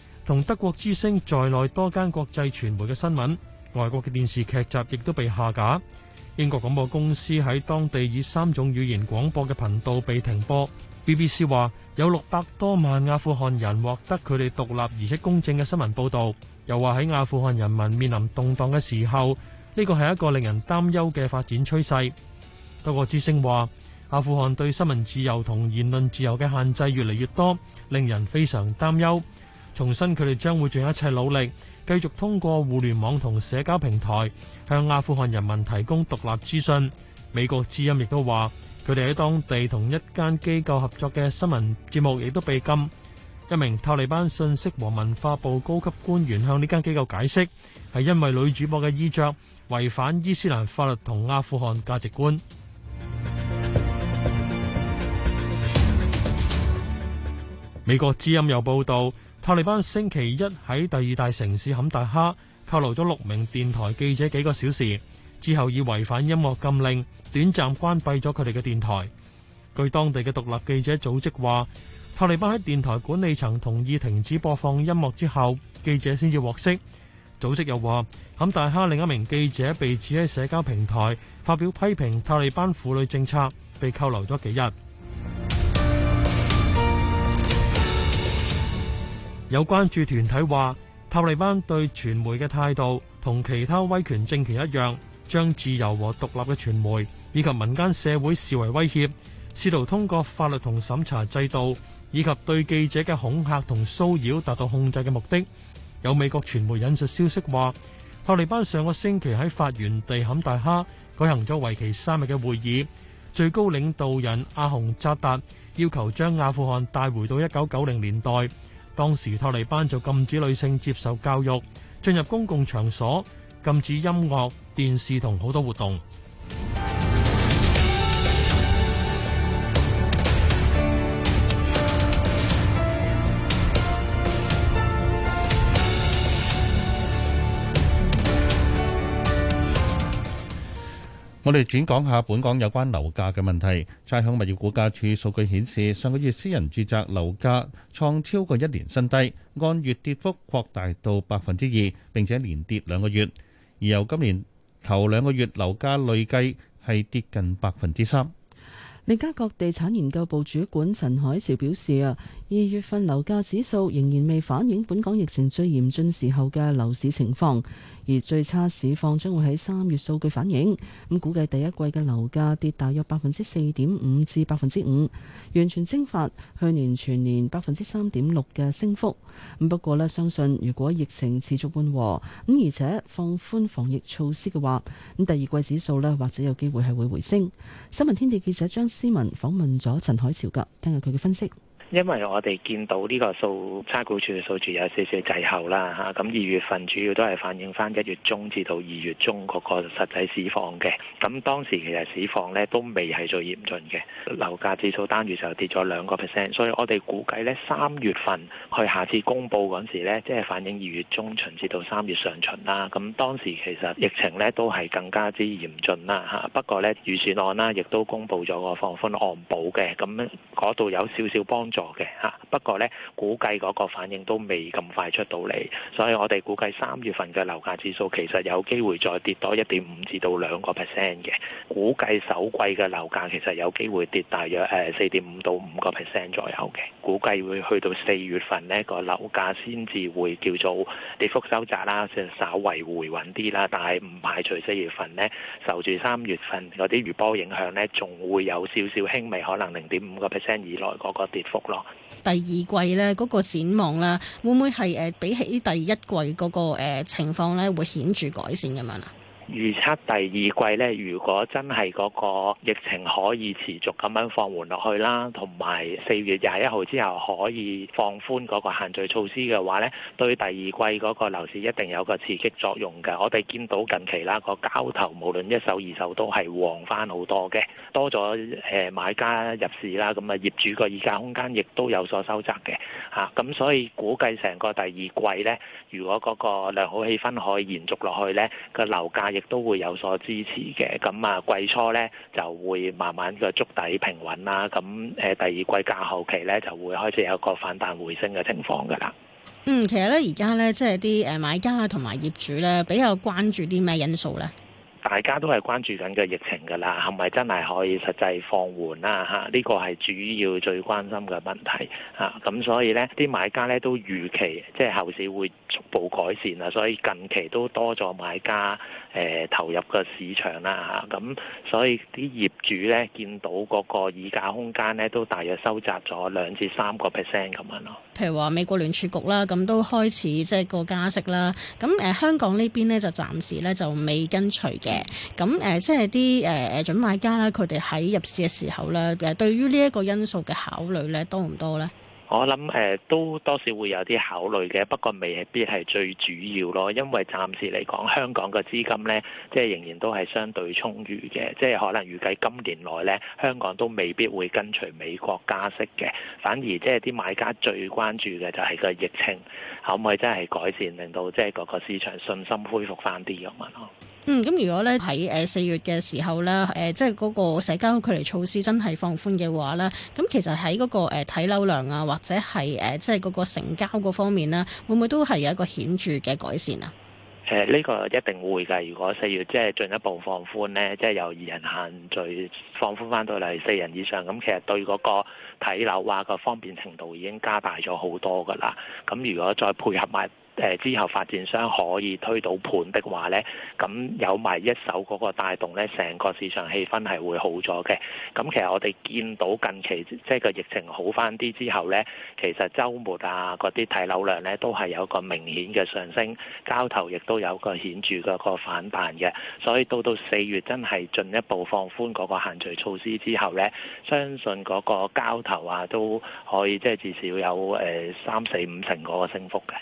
同德國之聲在內多間國際傳媒嘅新聞，外國嘅電視劇集亦都被下架。英國廣播公司喺當地以三種語言廣播嘅頻道被停播。BBC 話有六百多萬阿富汗人獲得佢哋獨立而且公正嘅新聞報導，又話喺阿富汗人民面臨動盪嘅時候，呢個係一個令人擔憂嘅發展趨勢。德國之聲話阿富汗對新聞自由同言論自由嘅限制越嚟越多，令人非常擔憂。重申佢哋將會盡一切努力，繼續通過互聯網同社交平台向阿富汗人民提供獨立資訊。美國之音亦都話，佢哋喺當地同一間機構合作嘅新聞節目亦都被禁。一名塔利班信息和文化部高級官員向呢間機構解釋，係因為女主播嘅衣着違反伊斯蘭法律同阿富汗價值觀。美國之音有報道。塔利班星期一喺第二大城市坎大哈扣留咗六名電台記者幾個小時，之後以違反音樂禁令，短暫關閉咗佢哋嘅電台。據當地嘅獨立記者組織話，塔利班喺電台管理層同意停止播放音樂之後，記者先至獲釋。組織又話，坎大哈另一名記者被指喺社交平台發表批評塔利班婦女政策，被扣留咗幾日。有關注團體話，塔利班對傳媒嘅態度同其他威權政權一樣，將自由和獨立嘅傳媒以及民間社會視為威脅，試圖通過法律同審查制度以及對記者嘅恐嚇同騷擾達到控制嘅目的。有美國傳媒引述消息話，塔利班上個星期喺發源地坎大哈舉行咗為期三日嘅會議，最高領導人阿洪扎達要求將阿富汗帶回到一九九零年代。當時托尼班就禁止女性接受教育、進入公共場所、禁止音樂、電視同好多活動。我哋轉講下本港有關樓價嘅問題。差餉物業估價署數據顯示，上個月私人住宅樓價創超過一年新低，按月跌幅擴大到百分之二，並且連跌兩個月。而由今年頭兩個月樓價累計係跌近百分之三。利嘉閣地產研究部主管陳海潮表示啊，二月份樓價指數仍然未反映本港疫情最嚴峻時候嘅樓市情況。而最差市況將會喺三月數據反映咁，估計第一季嘅樓價跌大約百分之四點五至百分之五，完全蒸發去年全年百分之三點六嘅升幅。咁不過呢，相信如果疫情持續緩和咁，而且放寬防疫措施嘅話，咁第二季指數呢，或者有機會係會回升。新聞天地記者張思文訪問咗陳海潮噶，聽下佢嘅分析。因為我哋見到呢個數差估處嘅數字有少少滯後啦，嚇咁二月份主要都係反映翻一月中至到二月中嗰個實際市況嘅。咁當時其實市況咧都未係最嚴峻嘅，樓價指數單月就跌咗兩個 percent。所以我哋估計咧三月份去下次公佈嗰陣時咧，即係反映二月中旬至到三月上旬啦。咁當時其實疫情咧都係更加之嚴峻啦，嚇，啊，不過咧預算案啦，啊，亦都公佈咗個放寬按保嘅，咁嗰度有少少幫助。嘅嚇，不過咧估計嗰個反應都未咁快出到嚟，所以我哋估計三月份嘅樓價指數其實有機會再跌多一點五至到兩個 percent 嘅，估計首季嘅樓價其實有機會跌大約誒四點五到五個 percent 左右嘅，估計會去到四月份呢個樓價先至會叫做跌幅收窄啦，先稍微回穩啲啦，但係唔排除四月份呢，受住三月份嗰啲餘波影響呢，仲會有少少輕微可能零點五個 percent 以內嗰個跌幅。第二季咧嗰個展望咧，會唔會係呃比起第一季嗰個呃情況咧，會顯著改善咁樣啊？預測第二季呢，如果真係嗰個疫情可以持續咁樣放緩落去啦，同埋四月廿一號之後可以放寬嗰個限聚措施嘅話呢，對第二季嗰個樓市一定有個刺激作用嘅。我哋見到近期啦，個交投無論一手二手都係旺翻好多嘅，多咗誒買家入市啦，咁啊業主個議價空間亦都有所收窄嘅。嚇，咁所以估計成個第二季呢，如果嗰個良好氣氛可以延續落去呢，個樓價，亦都會有所支持嘅，咁啊，季初咧就會慢慢嘅築底平穩啦，咁誒第二季假後期咧就會開始有個反彈回升嘅情況噶啦。嗯，其實咧而家咧即係啲誒買家同埋業主咧比較關注啲咩因素咧？大家都係關注緊嘅疫情噶啦，係咪真係可以實際放緩啦？嚇，呢個係主要最關心嘅問題啊，咁所以咧啲買家咧都預期即係後市會。逐步改善啊，所以近期都多咗買家誒、呃、投入個市場啦咁、啊、所以啲業主咧見到嗰個議價空間咧都大約收窄咗兩至三個 percent 咁樣咯。譬如話美國聯儲局啦，咁都開始即係個加息啦，咁誒、呃、香港呢邊咧就暫時咧就未跟隨嘅，咁誒、呃、即係啲誒準買家咧，佢哋喺入市嘅時候咧，誒對於呢一個因素嘅考慮咧多唔多咧？我諗誒、呃、都多少會有啲考慮嘅，不過未必係最主要咯，因為暫時嚟講，香港嘅資金咧，即係仍然都係相對充裕嘅，即係可能預計今年內咧，香港都未必會跟隨美國加息嘅，反而即係啲買家最關注嘅就係個疫情，可唔可以真係改善，令到即係個個市場信心恢復返啲咁樣咯。我嗯，咁如果咧喺誒四月嘅時候咧，誒即係嗰個社交距離措施真係放寬嘅話咧，咁其實喺嗰個睇樓量啊，或者係誒即係嗰個成交嗰方面咧，會唔會都係有一個顯著嘅改善啊？誒，呢個一定會㗎。如果四月即係進一步放寬咧，即係由二人限聚放寬翻到嚟四人以上，咁其實對嗰個睇樓啊個方便程度已經加大咗好多㗎啦。咁如果再配合埋，誒之後發展商可以推到盤的話呢，咁有埋一手嗰個帶動咧，成個市場氣氛係會好咗嘅。咁其實我哋見到近期即係個疫情好翻啲之後呢，其實周末啊嗰啲睇樓量呢都係有個明顯嘅上升，交投亦都有個顯著嘅個反彈嘅。所以到到四月真係進一步放寬嗰個限聚措施之後呢，相信嗰個交投啊都可以即係至少有誒三四五成嗰個升幅嘅。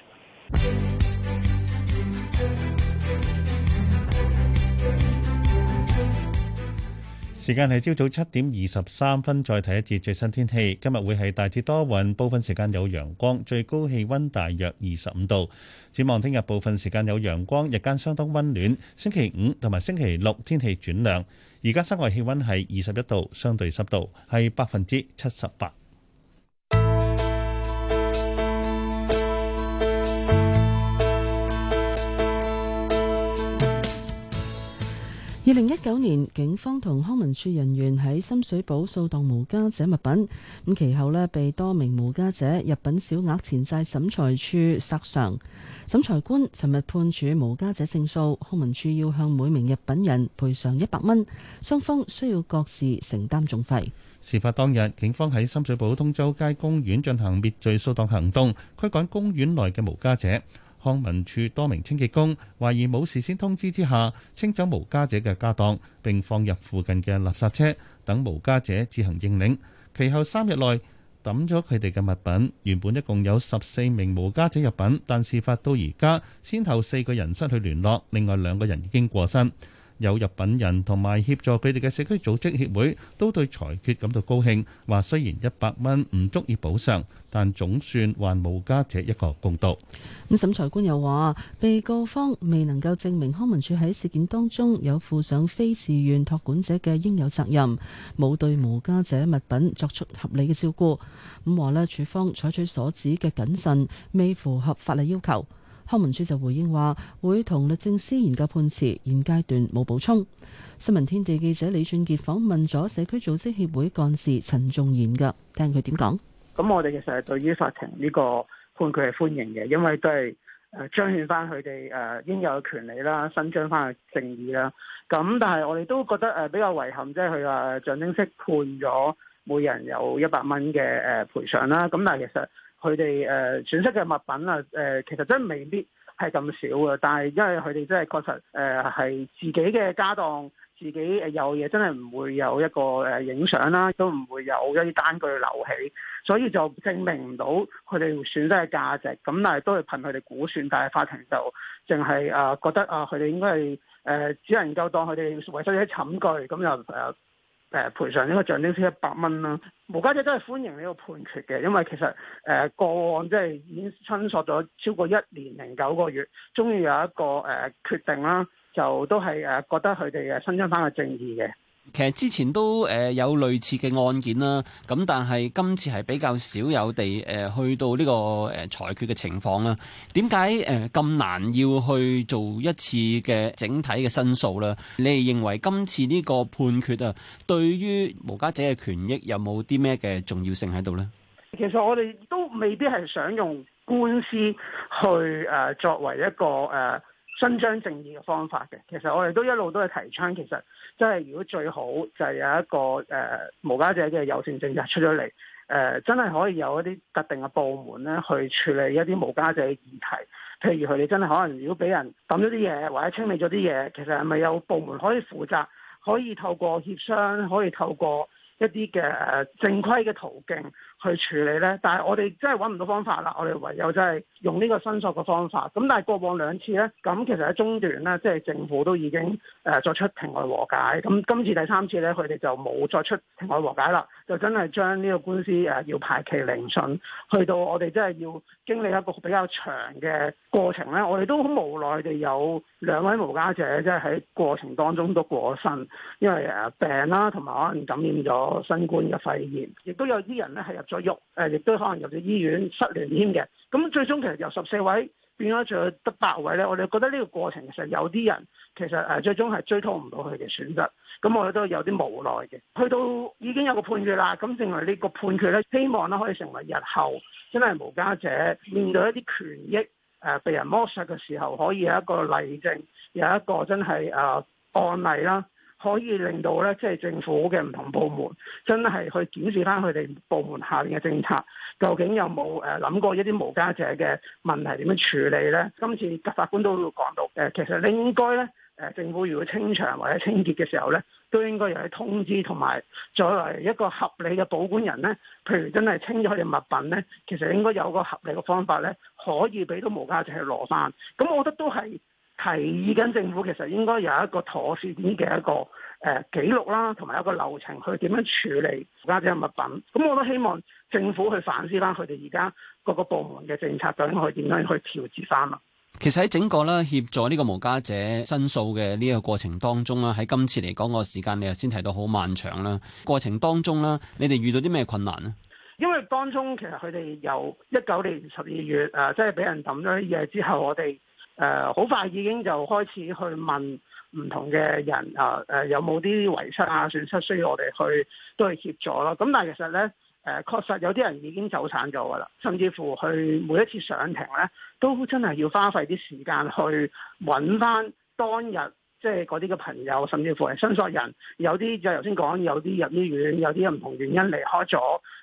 時間係朝早七點二十三分，再睇一節最新天氣。今日會係大致多雲，部分時間有陽光，最高氣溫大約二十五度。展望聽日部分時間有陽光，日間相當溫暖。星期五同埋星期六天氣轉涼。而家室外氣溫係二十一度，相對濕度係百分之七十八。二零一九年，警方同康文署人員喺深水埗掃蕩無家者物品，咁其後呢，被多名無家者入稟小額欠債審裁處索償。審裁官尋日判處無家者勝訴，康文署要向每名入稟人賠償一百蚊，雙方需要各自承擔訟費。事發當日，警方喺深水埗通州街公園進行滅罪掃蕩行動，驅趕公園內嘅無家者。康文署多名清潔工懷疑冇事先通知之下，清走無家者嘅家當，並放入附近嘅垃圾車，等無家者自行認領。其後三日內抌咗佢哋嘅物品。原本一共有十四名無家者入稟，但事發到而家，先後四個人失去聯絡，另外兩個人已經過身。有入稟人同埋協助佢哋嘅社區組織協會都對裁決感到高興，話雖然一百蚊唔足以補償，但總算還無家者一個公道。咁審裁官又話，被告方未能夠證明康文署喺事件當中有負上非自願託管者嘅應有責任，冇對無家者物品作出合理嘅照顧。咁話咧，署方採取所指嘅謹慎，未符合法例要求。康文署就回應話，會同律政司研究判詞，現階段冇補充。新聞天地記者李俊傑訪問咗社區組織協會幹事陳仲賢嘅，聽佢點講。咁我哋其實係對於法庭呢個判決係歡迎嘅，因為都係誒彰顯翻佢哋誒應有嘅權利啦，伸張翻嘅正義啦。咁但係我哋都覺得誒比較遺憾，即係佢話象徵式判咗每人有一百蚊嘅誒賠償啦。咁但係其實。佢哋誒損失嘅物品啊，誒、呃、其實真係未必係咁少嘅，但係因為佢哋真係確實誒係、呃、自己嘅家當，自己誒有嘢真係唔會有一個誒、呃、影相啦，都唔會有一啲單據留起，所以就證明唔到佢哋損失嘅價值。咁但係都係憑佢哋估算，但係法庭就淨係啊覺得啊佢哋應該係誒只能夠當佢哋為咗啲寢具，咁又啊。呃誒、呃、賠償呢個象徵式一百蚊啦，無家者都係歡迎呢個判決嘅，因為其實誒個案即係已經申索咗超過一年零九個月，終於有一個誒、呃、決定啦，就都係誒、啊、覺得佢哋嘅伸張返個正義嘅。其實之前都誒有類似嘅案件啦，咁但係今次係比較少有地誒去到呢個誒裁決嘅情況啦。點解誒咁難要去做一次嘅整體嘅申訴咧？你哋認為今次呢個判決啊，對於無家者嘅權益有冇啲咩嘅重要性喺度咧？其實我哋都未必係想用官司去誒作為一個誒。伸張正義嘅方法嘅，其實我哋都一路都係提倡，其實真係如果最好就係有一個誒、呃、無家者嘅友善政策出咗嚟，誒、呃、真係可以有一啲特定嘅部門咧去處理一啲無家者嘅議題，譬如佢哋真係可能如果俾人抌咗啲嘢，或者清理咗啲嘢，其實係咪有部門可以負責，可以透過協商，可以透過一啲嘅誒正規嘅途徑？去處理咧，但係我哋真係揾唔到方法啦，我哋唯有真係用呢個申索嘅方法。咁但係過往兩次咧，咁其實喺中段咧，即係政府都已經誒、呃、作出庭外和解。咁今次第三次咧，佢哋就冇作出庭外和解啦，就真係將呢個官司誒、呃、要排期聆訊，去到我哋真係要經歷一個比較長嘅過程咧。我哋都好無奈地有兩位無家者，即係喺過程當中都過身，因為誒病啦、啊，同埋可能感染咗新冠嘅肺炎，亦都有啲人咧係在獄，誒亦都可能入咗醫院失聯添嘅。咁最終其實由十四位變咗最後得八位咧，我哋覺得呢個過程其實有啲人其實誒最終係追討唔到佢嘅選擇，咁我哋都有啲無奈嘅。去到已經有個判決啦，咁認為呢個判決咧，希望咧可以成為日後真係無家者面對一啲權益誒、呃、被人剝削嘅時候，可以有一個例證，有一個真係誒、呃、案例啦。可以令到咧，即係政府嘅唔同部門真係去檢視翻佢哋部門下邊嘅政策，究竟有冇誒諗過一啲無家者嘅問題點樣處理咧？今次法官都會講到誒，其實你應該咧誒，政府如果清場或者清潔嘅時候咧，都應該有去通知，同埋作為一個合理嘅保管人咧。譬如真係清咗佢哋物品咧，其實應該有個合理嘅方法咧，可以俾到無家者去攞翻。咁我覺得都係。提議緊政府其實應該有一個妥善點嘅一個誒記、呃、錄啦，同埋一個流程去點樣處理無家者物品。咁、嗯、我都希望政府去反思翻佢哋而家各個部門嘅政策，究竟佢點樣去調節翻啊？其實喺整個咧協助呢個無家者申訴嘅呢一個過程當中啊，喺今次嚟講個時間，你又先提到好漫長啦。過程當中咧，你哋遇到啲咩困難咧？因為當中其實佢哋由一九年十二月誒、呃，即係俾人抌咗啲嘢之後，我哋。誒好、呃、快已經就開始去問唔同嘅人啊誒、呃呃、有冇啲遺失啊損失需要我哋去都去協助咯，咁但係其實咧誒、呃、確實有啲人已經走散咗噶啦，甚至乎去每一次上庭咧都真係要花費啲時間去揾翻當日即係嗰啲嘅朋友，甚至乎係申索人，有啲就頭先講有啲入醫院，有啲唔同原因離開咗。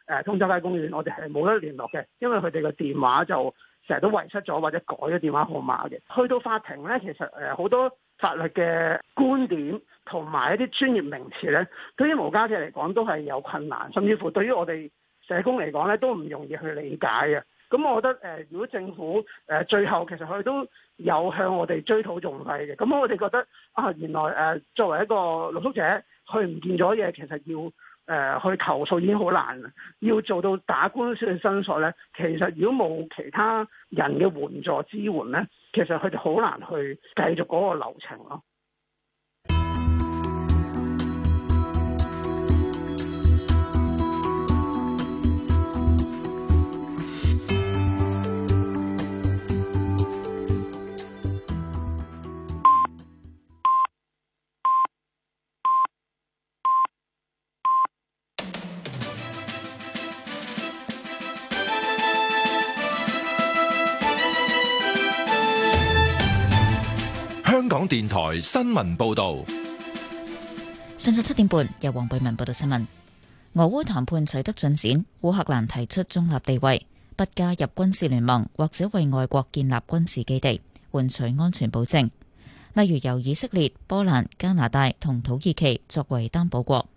誒通州街公園，我哋係冇得聯絡嘅，因為佢哋個電話就成日都遺失咗，或者改咗電話號碼嘅。去到法庭呢，其實誒好、呃、多法律嘅觀點同埋一啲專業名詞呢，對於無家者嚟講都係有困難，甚至乎對於我哋社工嚟講呢，都唔容易去理解嘅。咁我覺得誒、呃，如果政府誒、呃、最後其實佢都有向我哋追討訟費嘅，咁我哋覺得啊，原來誒、呃、作為一個露宿者，佢唔見咗嘢，其實要。誒、呃、去投訴已經好難，要做到打官司嘅申訴咧，其實如果冇其他人嘅援助支援咧，其實佢哋好難去繼續嗰個流程咯。電台新聞報道：上晝七點半，由黃貝文報道新聞。俄烏談判取得進展，烏克蘭提出中立地位，不加入軍事聯盟或者為外國建立軍事基地，換取安全保障。例如由以色列、波蘭、加拿大同土耳其作為擔保國。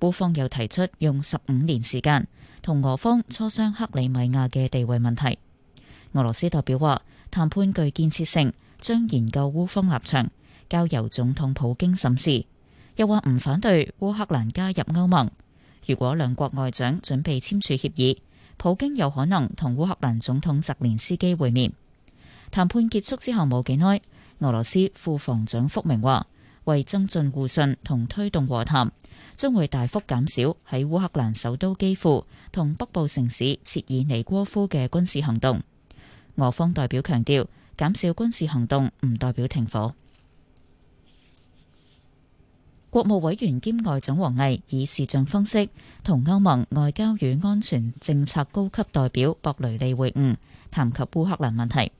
烏方又提出用十五年時間同俄方磋商克里米亞嘅地位問題。俄羅斯代表話，談判具建設性。將研究烏方立場，交由總統普京審視。又話唔反對烏克蘭加入歐盟。如果兩國外長準備簽署協議，普京有可能同烏克蘭總統澤連斯基會面。談判結束之後冇幾耐，俄羅斯副防長福明話：為增進互信同推動和談，將會大幅減少喺烏克蘭首都基輔同北部城市切爾尼戈夫嘅軍事行動。俄方代表強調，減少軍事行動唔代表停火。國務委員兼外長王毅以視像方式同歐盟外交與安全政策高級代表博雷利會晤，談及烏克蘭問題。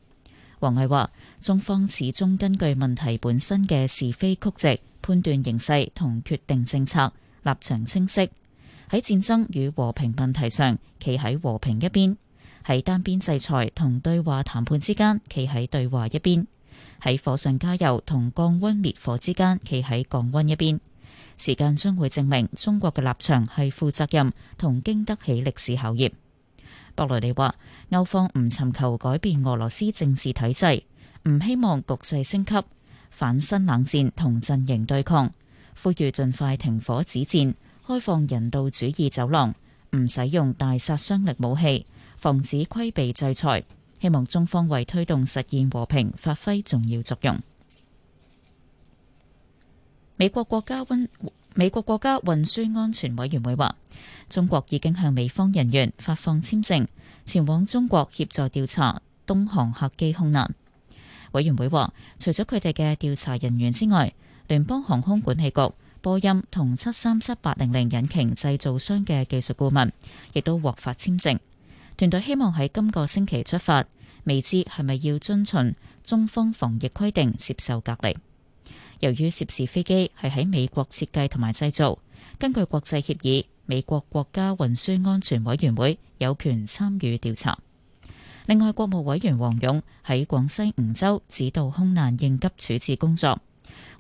王毅話：中方始終根據問題本身嘅是非曲直，判斷形勢同決定政策，立場清晰。喺戰爭與和平問題上，企喺和平一邊，喺單邊制裁同對話談判之間，企喺對話一邊；喺火上加油同降温滅火之間，企喺降温一邊。時間將會證明中國嘅立場係負責任同經得起歷史考驗。博雷利話：歐方唔尋求改變俄羅斯政治體制，唔希望局勢升級，反新冷戰同陣營對抗，呼籲盡快停火止戰，開放人道主義走廊，唔使用大殺傷力武器。防止規避制裁，希望中方為推動實現和平發揮重要作用。美國國家運美國國家運輸安全委員會話，中國已經向美方人員發放簽證，前往中國協助調查東航客機空難。委員會話，除咗佢哋嘅調查人員之外，聯邦航空管理局播、波音同七三七八零零引擎製造商嘅技術顧問，亦都獲發簽證。團隊希望喺今個星期出發，未知係咪要遵循中方防疫規定接受隔離。由於涉事飛機係喺美國設計同埋製造，根據國際協議，美國國家運輸安全委員會有權參與調查。另外，國務委員王勇喺廣西梧州指導空難應急處置工作，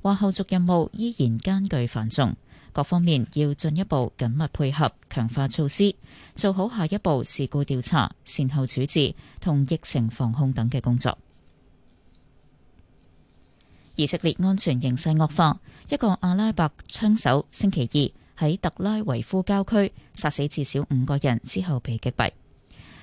話後續任務依然艱巨繁重。各方面要進一步緊密配合，強化措施，做好下一步事故調查、善後處置同疫情防控等嘅工作。以色列安全形勢惡化，一個阿拉伯槍手星期二喺特拉維夫郊區殺死至少五個人之後被擊斃。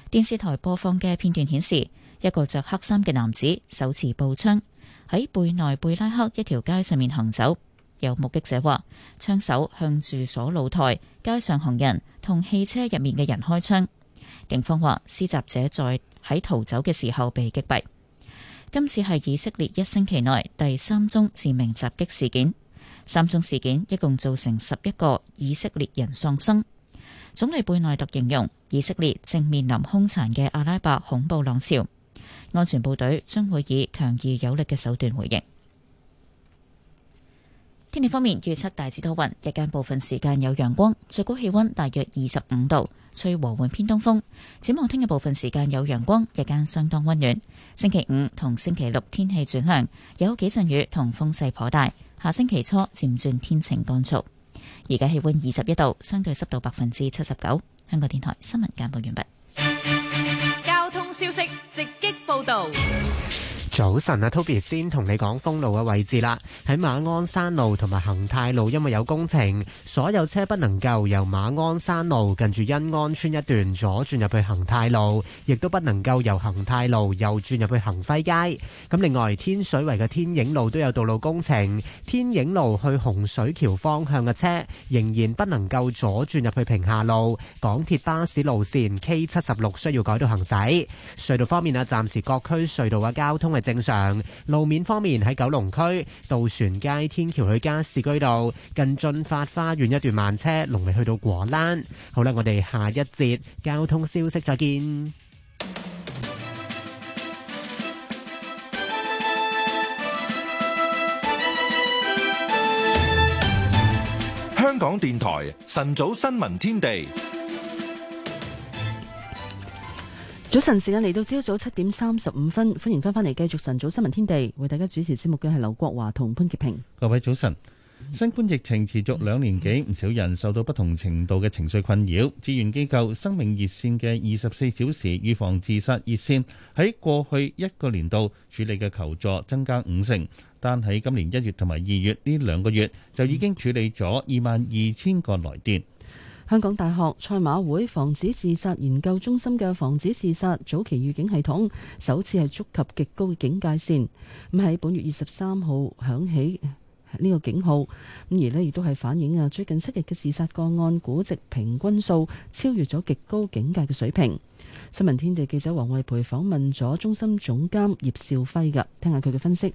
電視台播放嘅片段顯示，一個着黑衫嘅男子手持步槍喺貝內貝拉克一條街上面行走。有目擊者話，槍手向住所露台、街上行人同汽車入面嘅人開槍。警方話，施襲者在喺逃走嘅時候被擊斃。今次係以色列一星期內第三宗致命襲擊事件，三宗事件一共造成十一個以色列人喪生。總理貝內特形容以色列正面臨兇殘嘅阿拉伯恐怖浪潮，安全部隊將會以強而有力嘅手段回應。天氣方面，預測大致多雲，日間部分時間有陽光，最高氣溫大約二十五度，吹和緩偏東風。展望聽日部分時間有陽光，日間相當溫暖。星期五同星期六天氣轉涼，有幾陣雨同風勢頗大。下星期初漸轉天晴乾燥。而家氣溫二十一度，相對濕度百分之七十九。香港電台新聞簡報完畢。交通消息，直擊報道。早晨啊，Toby 先同你講封路嘅位置啦。喺馬鞍山路同埋恒泰路，因為有工程，所有車不能夠由馬鞍山路近住欣安邨一段左轉入去恒泰路，亦都不能夠由恒泰路右轉入去恒輝街。咁另外，天水圍嘅天影路都有道路工程，天影路去洪水橋方向嘅車仍然不能夠左轉入去平下路。港鐵巴士路線 K 七十六需要改道行駛。隧道方面啊，暫時各區隧道嘅交通係。正常。路面方面，喺九龍區渡船街天橋去加士居道近駿發花園一段慢車龍尾去到果欄。好啦，我哋下一節交通消息再見。香港電台晨早新聞天地。早晨時間嚟，到朝早七點三十五分，歡迎翻返嚟繼續晨早新聞天地，為大家主持節目嘅係劉國華同潘潔平。各位早晨，新冠疫情持續兩年幾，唔少人受到不同程度嘅情緒困擾。志願機構生命熱線嘅二十四小時預防自殺熱線，喺過去一個年度處理嘅求助增加五成，但喺今年一月同埋二月呢兩個月就已經處理咗二萬二千個來電。香港大學賽馬會防止自殺研究中心嘅防止自殺早期預警系統首次係觸及極高嘅警戒線，咁喺本月二十三號響起呢個警號。咁而呢亦都係反映啊最近七日嘅自殺個案估值平均數超越咗極高警戒嘅水平。新聞天地記者王慧培訪問咗中心總監葉兆輝噶，聽下佢嘅分析。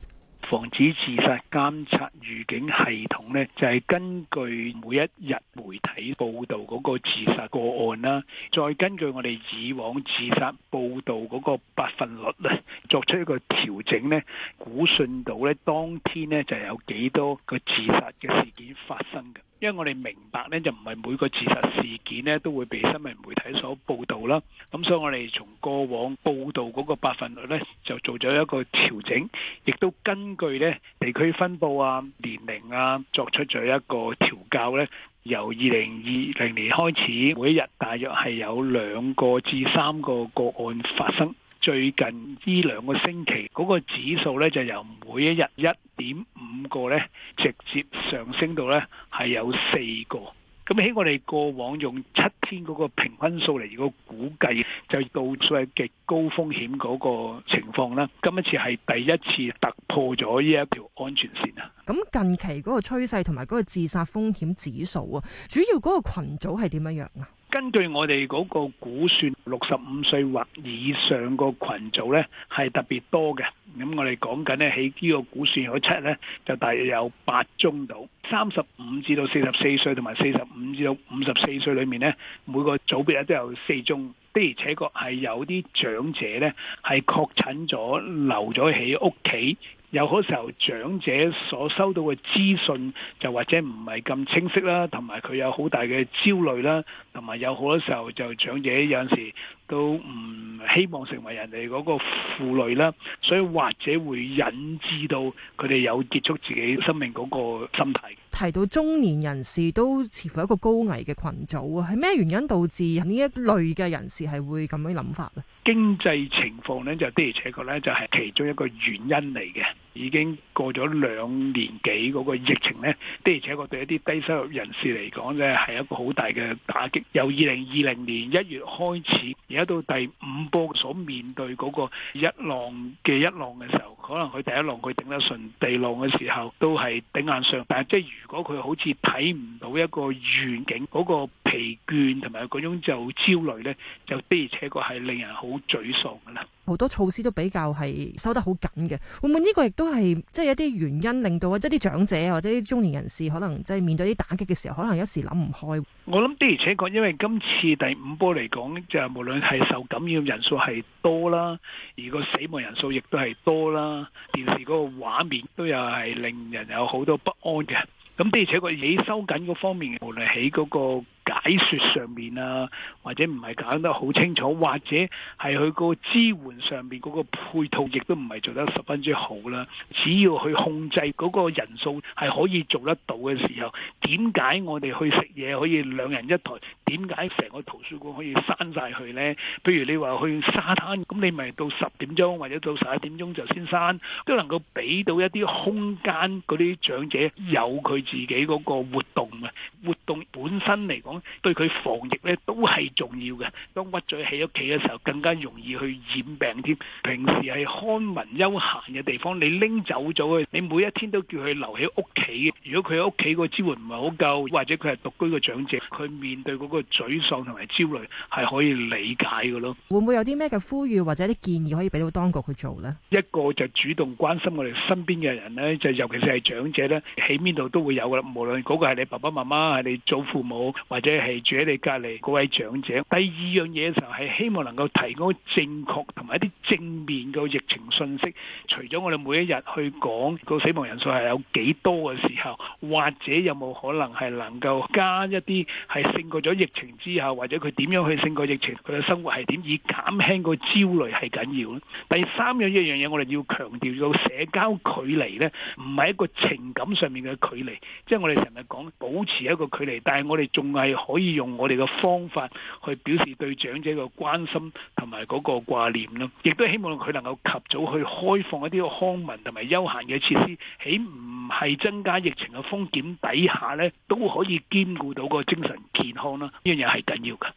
防止自殺監察預警系統呢，就係、是、根據每一日媒體報導嗰個自殺個案啦，再根據我哋以往自殺報導嗰個百分率呢，作出一個調整，呢估算到呢，當天呢就有幾多個自殺嘅事件發生㗎。因為我哋明白咧，就唔係每個自殺事件咧都會被新聞媒體所報導啦。咁所以我哋從過往報導嗰個百分率咧，就做咗一個調整，亦都根據咧地區分佈啊、年齡啊，作出咗一個調校咧。由二零二零年開始，每一日大約係有兩個至三個個案發生。最近呢兩個星期，嗰個指數咧就由每一日一點五個咧，直接上升到咧係有四個。咁喺我哋過往用七天嗰個平均數嚟個估計，就到咗係極高風險嗰個情況啦。今一次係第一次突破咗呢一條安全線啊！咁近期嗰個趨勢同埋嗰個自殺風險指數啊，主要嗰個群組係點樣樣啊？根據我哋嗰個估算，六十五歲或以上個群組呢係特別多嘅。咁我哋講緊呢，喺呢個估算嗰七呢，就大約有八宗度，三十五至到四十四歲同埋四十五至到五十四歲裏面呢，每個組別咧都有四宗。的而且確係有啲長者呢係確診咗留咗喺屋企。有好多時候，長者所收到嘅資訊就或者唔係咁清晰啦，同埋佢有好大嘅焦慮啦，同埋有好多時候就長者有陣時都唔希望成為人哋嗰個負累啦，所以或者會引致到佢哋有結束自己生命嗰個心態。提到中年人士都似乎係一個高危嘅群組啊，係咩原因導致呢一類嘅人士係會咁樣諗法咧？經濟情況呢，就的而且確呢，就係其中一個原因嚟嘅。已經過咗兩年幾，嗰個疫情呢，的而且確對一啲低收入人士嚟講呢，係一個好大嘅打擊。由二零二零年一月開始，而家到第五波所面對嗰個一浪嘅一浪嘅時候，可能佢第一浪佢頂得順，第二浪嘅時候都係頂硬上。但係即係如果佢好似睇唔到一個遠景，嗰個疲倦同埋嗰種就焦慮呢，就的而且確係令人好沮喪㗎啦。好多措施都比較係收得好緊嘅，會唔會呢個亦都係即係一啲原因令到或者啲長者或者啲中年人士可能即係面對啲打擊嘅時候，可能有時諗唔開？我諗的而且確，因為今次第五波嚟講，就係無論係受感染人數係多啦，而個死亡人數亦都係多啦，電視嗰個畫面都又係令人有好多不安嘅。咁的而且確，你收緊嗰方面，無論喺嗰個解說上面啊，或者唔係講得好清楚，或者係佢個支援上面嗰個配套亦都唔係做得十分之好啦。只要佢控制嗰個人數係可以做得到嘅時候，點解我哋去食嘢可以兩人一台？點解成個圖書館可以閂晒佢咧？譬如你話去沙灘，咁你咪到十點鐘或者到十一點鐘就先閂，都能夠俾到一啲空間嗰啲長者有佢自己嗰個活動啊！活動本身嚟講。對佢防疫咧都係重要嘅，當屈咗喺屋企嘅時候，更加容易去染病添。平時係康文休閒嘅地方，你拎走咗佢，你每一天都叫佢留喺屋企。如果佢喺屋企個支援唔係好夠，或者佢係獨居嘅長者，佢面對嗰個沮喪同埋焦慮係可以理解㗎咯。會唔會有啲咩嘅呼籲或者啲建議可以俾到當局去做呢？一個就主動關心我哋身邊嘅人呢，就尤其是係長者呢，喺邊度都會有噶啦。無論嗰個係你爸爸媽媽，係你祖父母，或者係住喺你隔離嗰位長者。第二樣嘢嘅時候係希望能夠提供正確同埋一啲正面嘅疫情信息。除咗我哋每一日去講個死亡人數係有幾多嘅時候，或者有冇可能係能夠加一啲係勝過咗疫情之後，或者佢點樣去勝過疫情，佢嘅生活係點，以減輕個焦慮係緊要咯。第三樣一樣嘢，我哋要強調到社交距離咧，唔係一個情感上面嘅距離，即係我哋成日講保持一個距離，但係我哋仲係。可以用我哋嘅方法去表示對長者嘅關心同埋嗰個掛念咯，亦都希望佢能夠及早去開放一啲康文同埋休閒嘅設施，喺唔係增加疫情嘅風險底下咧，都可以兼顧到個精神健康啦，呢樣嘢係緊要噶。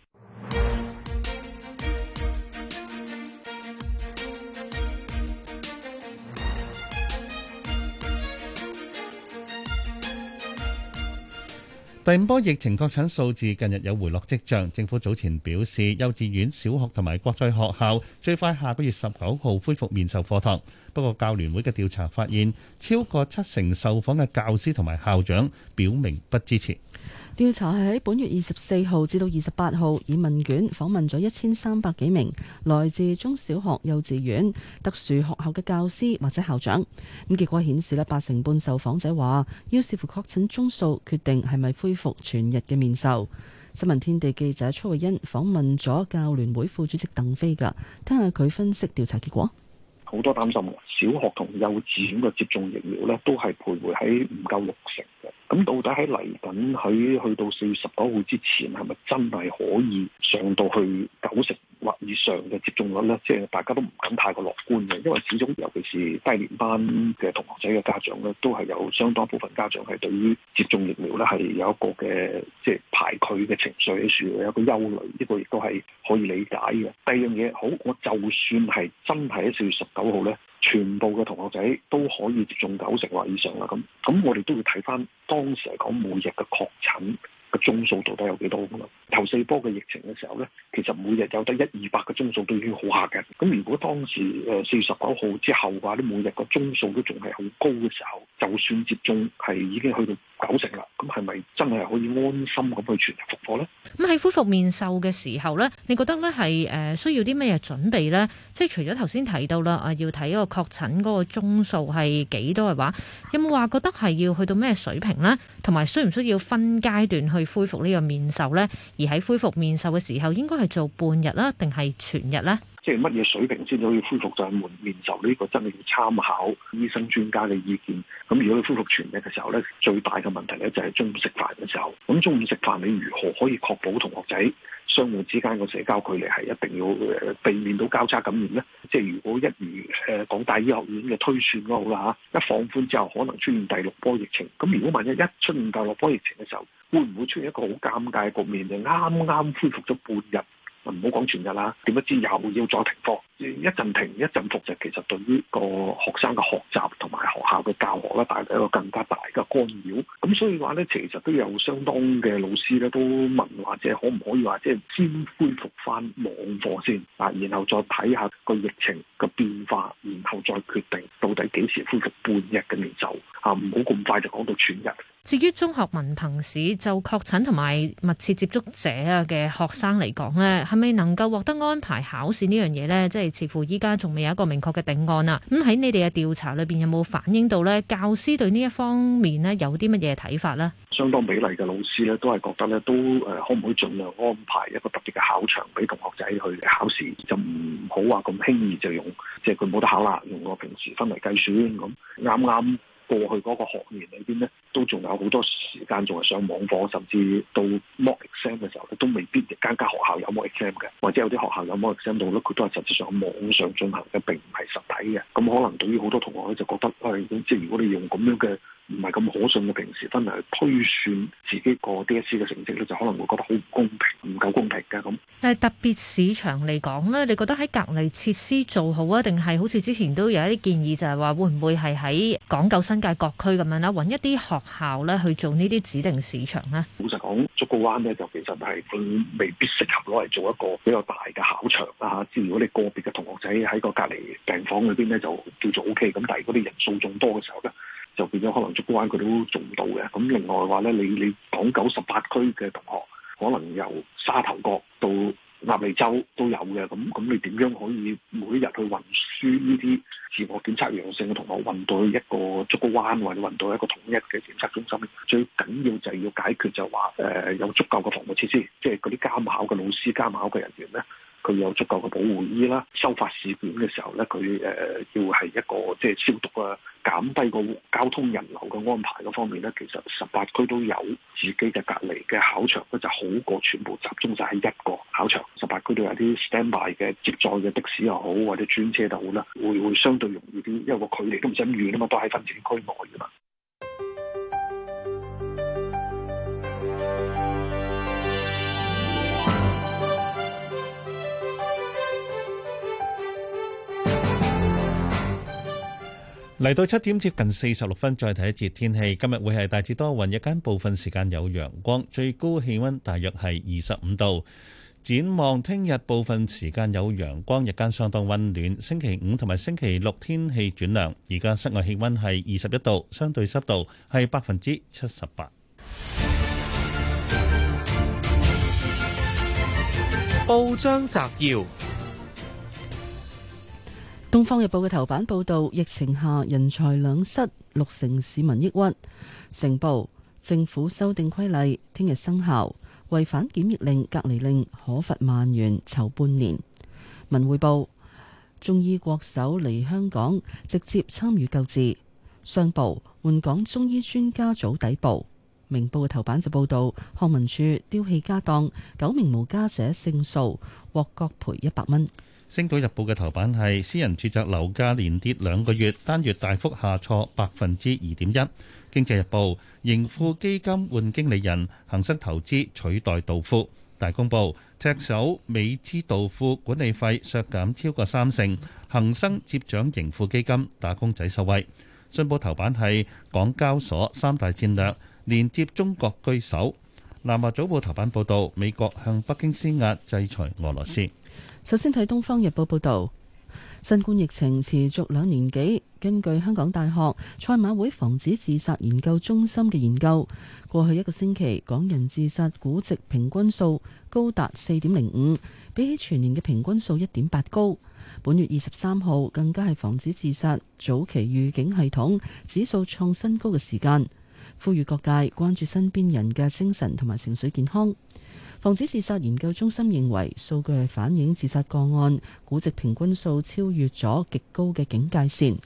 第五波疫情確診數字近日有回落跡象，政府早前表示幼稚園、小學同埋國際學校最快下個月十九號恢復面授課堂。不過，教聯會嘅調查發現，超過七成受訪嘅教師同埋校長表明不支持。調查係喺本月二十四號至到二十八號，以問卷訪問咗一千三百幾名來自中小學、幼稚園、特殊學校嘅教師或者校長。咁結果顯示呢，八成半受訪者話要視乎確診宗數，決定係咪恢復全日嘅面授。新聞天地記者崔慧欣訪問咗教聯會副主席鄧飛㗎，聽下佢分析調查結果。好多擔心，小學同幼稚園嘅接種疫苗呢，都係徘徊喺唔夠六成嘅。咁到底喺嚟緊喺去到四月十九號之前，係咪真係可以上到去九成或以上嘅接種率呢？即係大家都唔敢太過樂觀嘅，因為始終尤其是低年班嘅同學仔嘅家長咧，都係有相當部分家長係對於接種疫苗咧係有一個嘅即係排拒嘅情緒喺處，有一個憂慮，呢個亦都係可以理解嘅。第二樣嘢，好，我就算係真係喺四月十九號呢。全部嘅同學仔都可以接種九成或以上啦，咁咁我哋都要睇翻當時嚟講每日嘅確診嘅宗數到底有幾多咁咯。頭四波嘅疫情嘅時候呢，其實每日有得一二百個宗數都已經好客嘅。咁如果當時誒四月十九號之後嘅話，你每日個宗數都仲係好高嘅時候，就算接種係已經去到，九成啦，咁係咪真係可以安心咁去全日復課咧？咁喺恢復面授嘅時候呢，你覺得呢係誒、呃、需要啲咩嘢準備咧？即係除咗頭先提到啦，啊要睇一個確診嗰個宗數係幾多係話，有冇話覺得係要去到咩水平呢？同埋需唔需要分階段去恢復呢個面授呢？而喺恢復面授嘅時候，應該係做半日啦，定係全日呢？即係乜嘢水平先至可以恢復就係門面受，呢個真係要參考醫生專家嘅意見。咁如果恢復全日嘅時候咧，最大嘅問題咧就係中午食飯嘅時候。咁中午食飯，你如何可以確保同學仔相互之間嘅社交距離，係一定要避免到交叉感染咧？即係如果一如，誒，港大醫學院嘅推算咁好啦嚇，一放寬之後可能出現第六波疫情。咁如果萬一一出現第六波疫情嘅時候，會唔會出現一個好尷尬嘅局面？就啱啱恢復咗半日。唔好講全日啦，點知又要再停課，一陣停一陣復，就其實對於個學生嘅學習同埋學校嘅教學咧，帶一個更加大嘅干擾。咁所以話呢，其實都有相當嘅老師咧，都問或者可唔可以話即係先恢復返網課先，啊，然後再睇下個疫情嘅變化，然後再決定到底幾時恢復半日嘅面授，啊，唔好咁快就講到全日。至於中學文憑試就確診同埋密切接觸者啊嘅學生嚟講咧，係咪能夠獲得安排考試呢樣嘢咧？即係似乎依家仲未有一個明確嘅定案啊！咁、嗯、喺你哋嘅調查裏邊有冇反映到咧？教師對呢一方面咧有啲乜嘢睇法咧？相當比例嘅老師咧都係覺得咧都誒，可唔可以儘量安排一個特別嘅考場俾同學仔去考試，就唔好話咁輕易就用即係佢冇得考啦，用我平時分嚟計算咁啱啱。過去嗰個學年裏邊咧，都仲有好多時間仲係上網課，甚至到 mock exam 嘅時候咧，都未必間間學校有 mock exam 嘅，或者有啲學校有 mock exam 到咧，佢都係實際上網上進行嘅，並唔係實體嘅。咁可能對於好多同學咧，就覺得，唉、哎，即係如果你用咁樣嘅，唔係咁可信嘅，平時分嚟去推算自己個 DSE 嘅成績咧，就可能會覺得好唔公平、唔夠公平嘅咁。但係特別市場嚟講咧，你覺得喺隔離設施做好啊，定係好似之前都有一啲建議就，就係話會唔會係喺港九新界各區咁樣啦，揾一啲學校咧去做呢啲指定市場咧？老實講，竹篙灣咧就其實係佢、嗯、未必適合攞嚟做一個比較大嘅考場啊！哈，至如果你個別嘅同學仔喺個隔離病房裏邊咧，就叫做 OK。咁但係嗰啲人數眾多嘅時候咧。就變咗可能竹篙灣佢都做唔到嘅，咁另外嘅話咧，你你港九十八區嘅同學，可能由沙頭角到鴨脷洲都有嘅，咁咁你點樣可以每一日去運輸呢啲自我檢測陽性嘅同學運到一個竹篙灣，或者運到一個統一嘅檢測中心？最緊要就係要解決就話誒、呃、有足夠嘅防護設施，即係嗰啲監考嘅老師、監考嘅人員咧。佢有足夠嘅保護衣啦，收發試卷嘅時候咧，佢誒、呃、要係一個即係消毒啊，減低個交通人流嘅安排嘅方面咧，其實十八區都有自己嘅隔離嘅考場，咁就好過全部集中晒喺一個考場。十八區都有啲 standby 嘅接載嘅的，的士又好，或者專車就好啦，會會相對容易啲，因為個距離都唔使咁遠啊嘛，都喺分展區內噶嘛。嚟到七點接近四十六分，再睇一節天氣。今日會係大致多雲，日間部分時間有陽光，最高氣温大約係二十五度。展望聽日部分時間有陽光，日間相當温暖。星期五同埋星期六天氣轉涼。而家室外氣温係二十一度，相對濕度係百分之七十八。報章摘要。《東方日報嘅頭版報道，疫情下人才兩失，六成市民抑鬱。成報政府修訂規例，聽日生效，違反檢疫令、隔離令可罰萬元，囚半年。文匯報中醫國手嚟香港，直接參與救治。商報援港中醫專家組抵埗，《明報嘅頭版就報道，康文署丟棄家當，九名無家者勝訴，獲各賠一百蚊。《星島日報》嘅頭版係私人住宅樓價連跌兩個月，單月大幅下挫百分之二點一。《經濟日報》盈富基金換經理人，恒生投資取代道富。大公報赤手美資道富管理費削減超過三成，恒生接掌盈富基金打工仔受惠。《信報》頭版係港交所三大戰略連接中國居首。《南華早報》頭版報導美國向北京施壓制裁俄羅斯。首先睇《東方日報》報道，新冠疫情持續兩年幾。根據香港大學賽馬會防止自殺研究中心嘅研究，過去一個星期港人自殺估值平均數高達四點零五，比起全年嘅平均數一點八高。本月二十三號更加係防止自殺早期預警系統指數創新高嘅時間，呼籲各界關注身邊人嘅精神同埋情緒健康。防止自殺研究中心認為，數據係反映自殺個案，估值平均數超越咗極高嘅警戒線。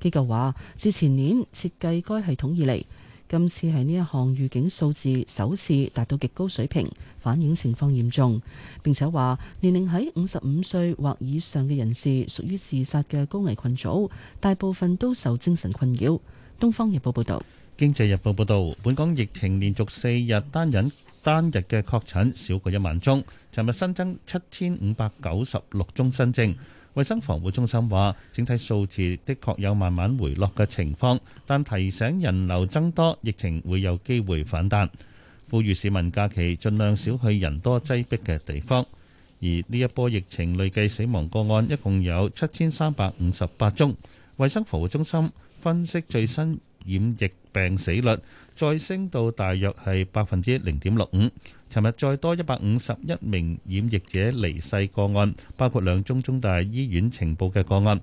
機構話，自前年設計該系統以嚟，今次係呢一項預警數字首次達到極高水平，反映情況嚴重。並且話，年齡喺五十五歲或以上嘅人士屬於自殺嘅高危群組，大部分都受精神困擾。《東方日報》報道。《經濟日報》報道，本港疫情連續四日單人。單日嘅確診少過一萬宗，尋日新增七千五百九十六宗新症。衛生防護中心話，整體數字的確有慢慢回落嘅情況，但提醒人流增多，疫情會有機會反彈，呼籲市民假期盡量少去人多擠迫嘅地方。而呢一波疫情累計死亡個案一共有七千三百五十八宗。衛生防護中心分析最新染疫病死率。再升到大約係百分之零點六五。尋日再多一百五十一名染疫者離世個案，包括兩宗中大醫院呈報嘅個案，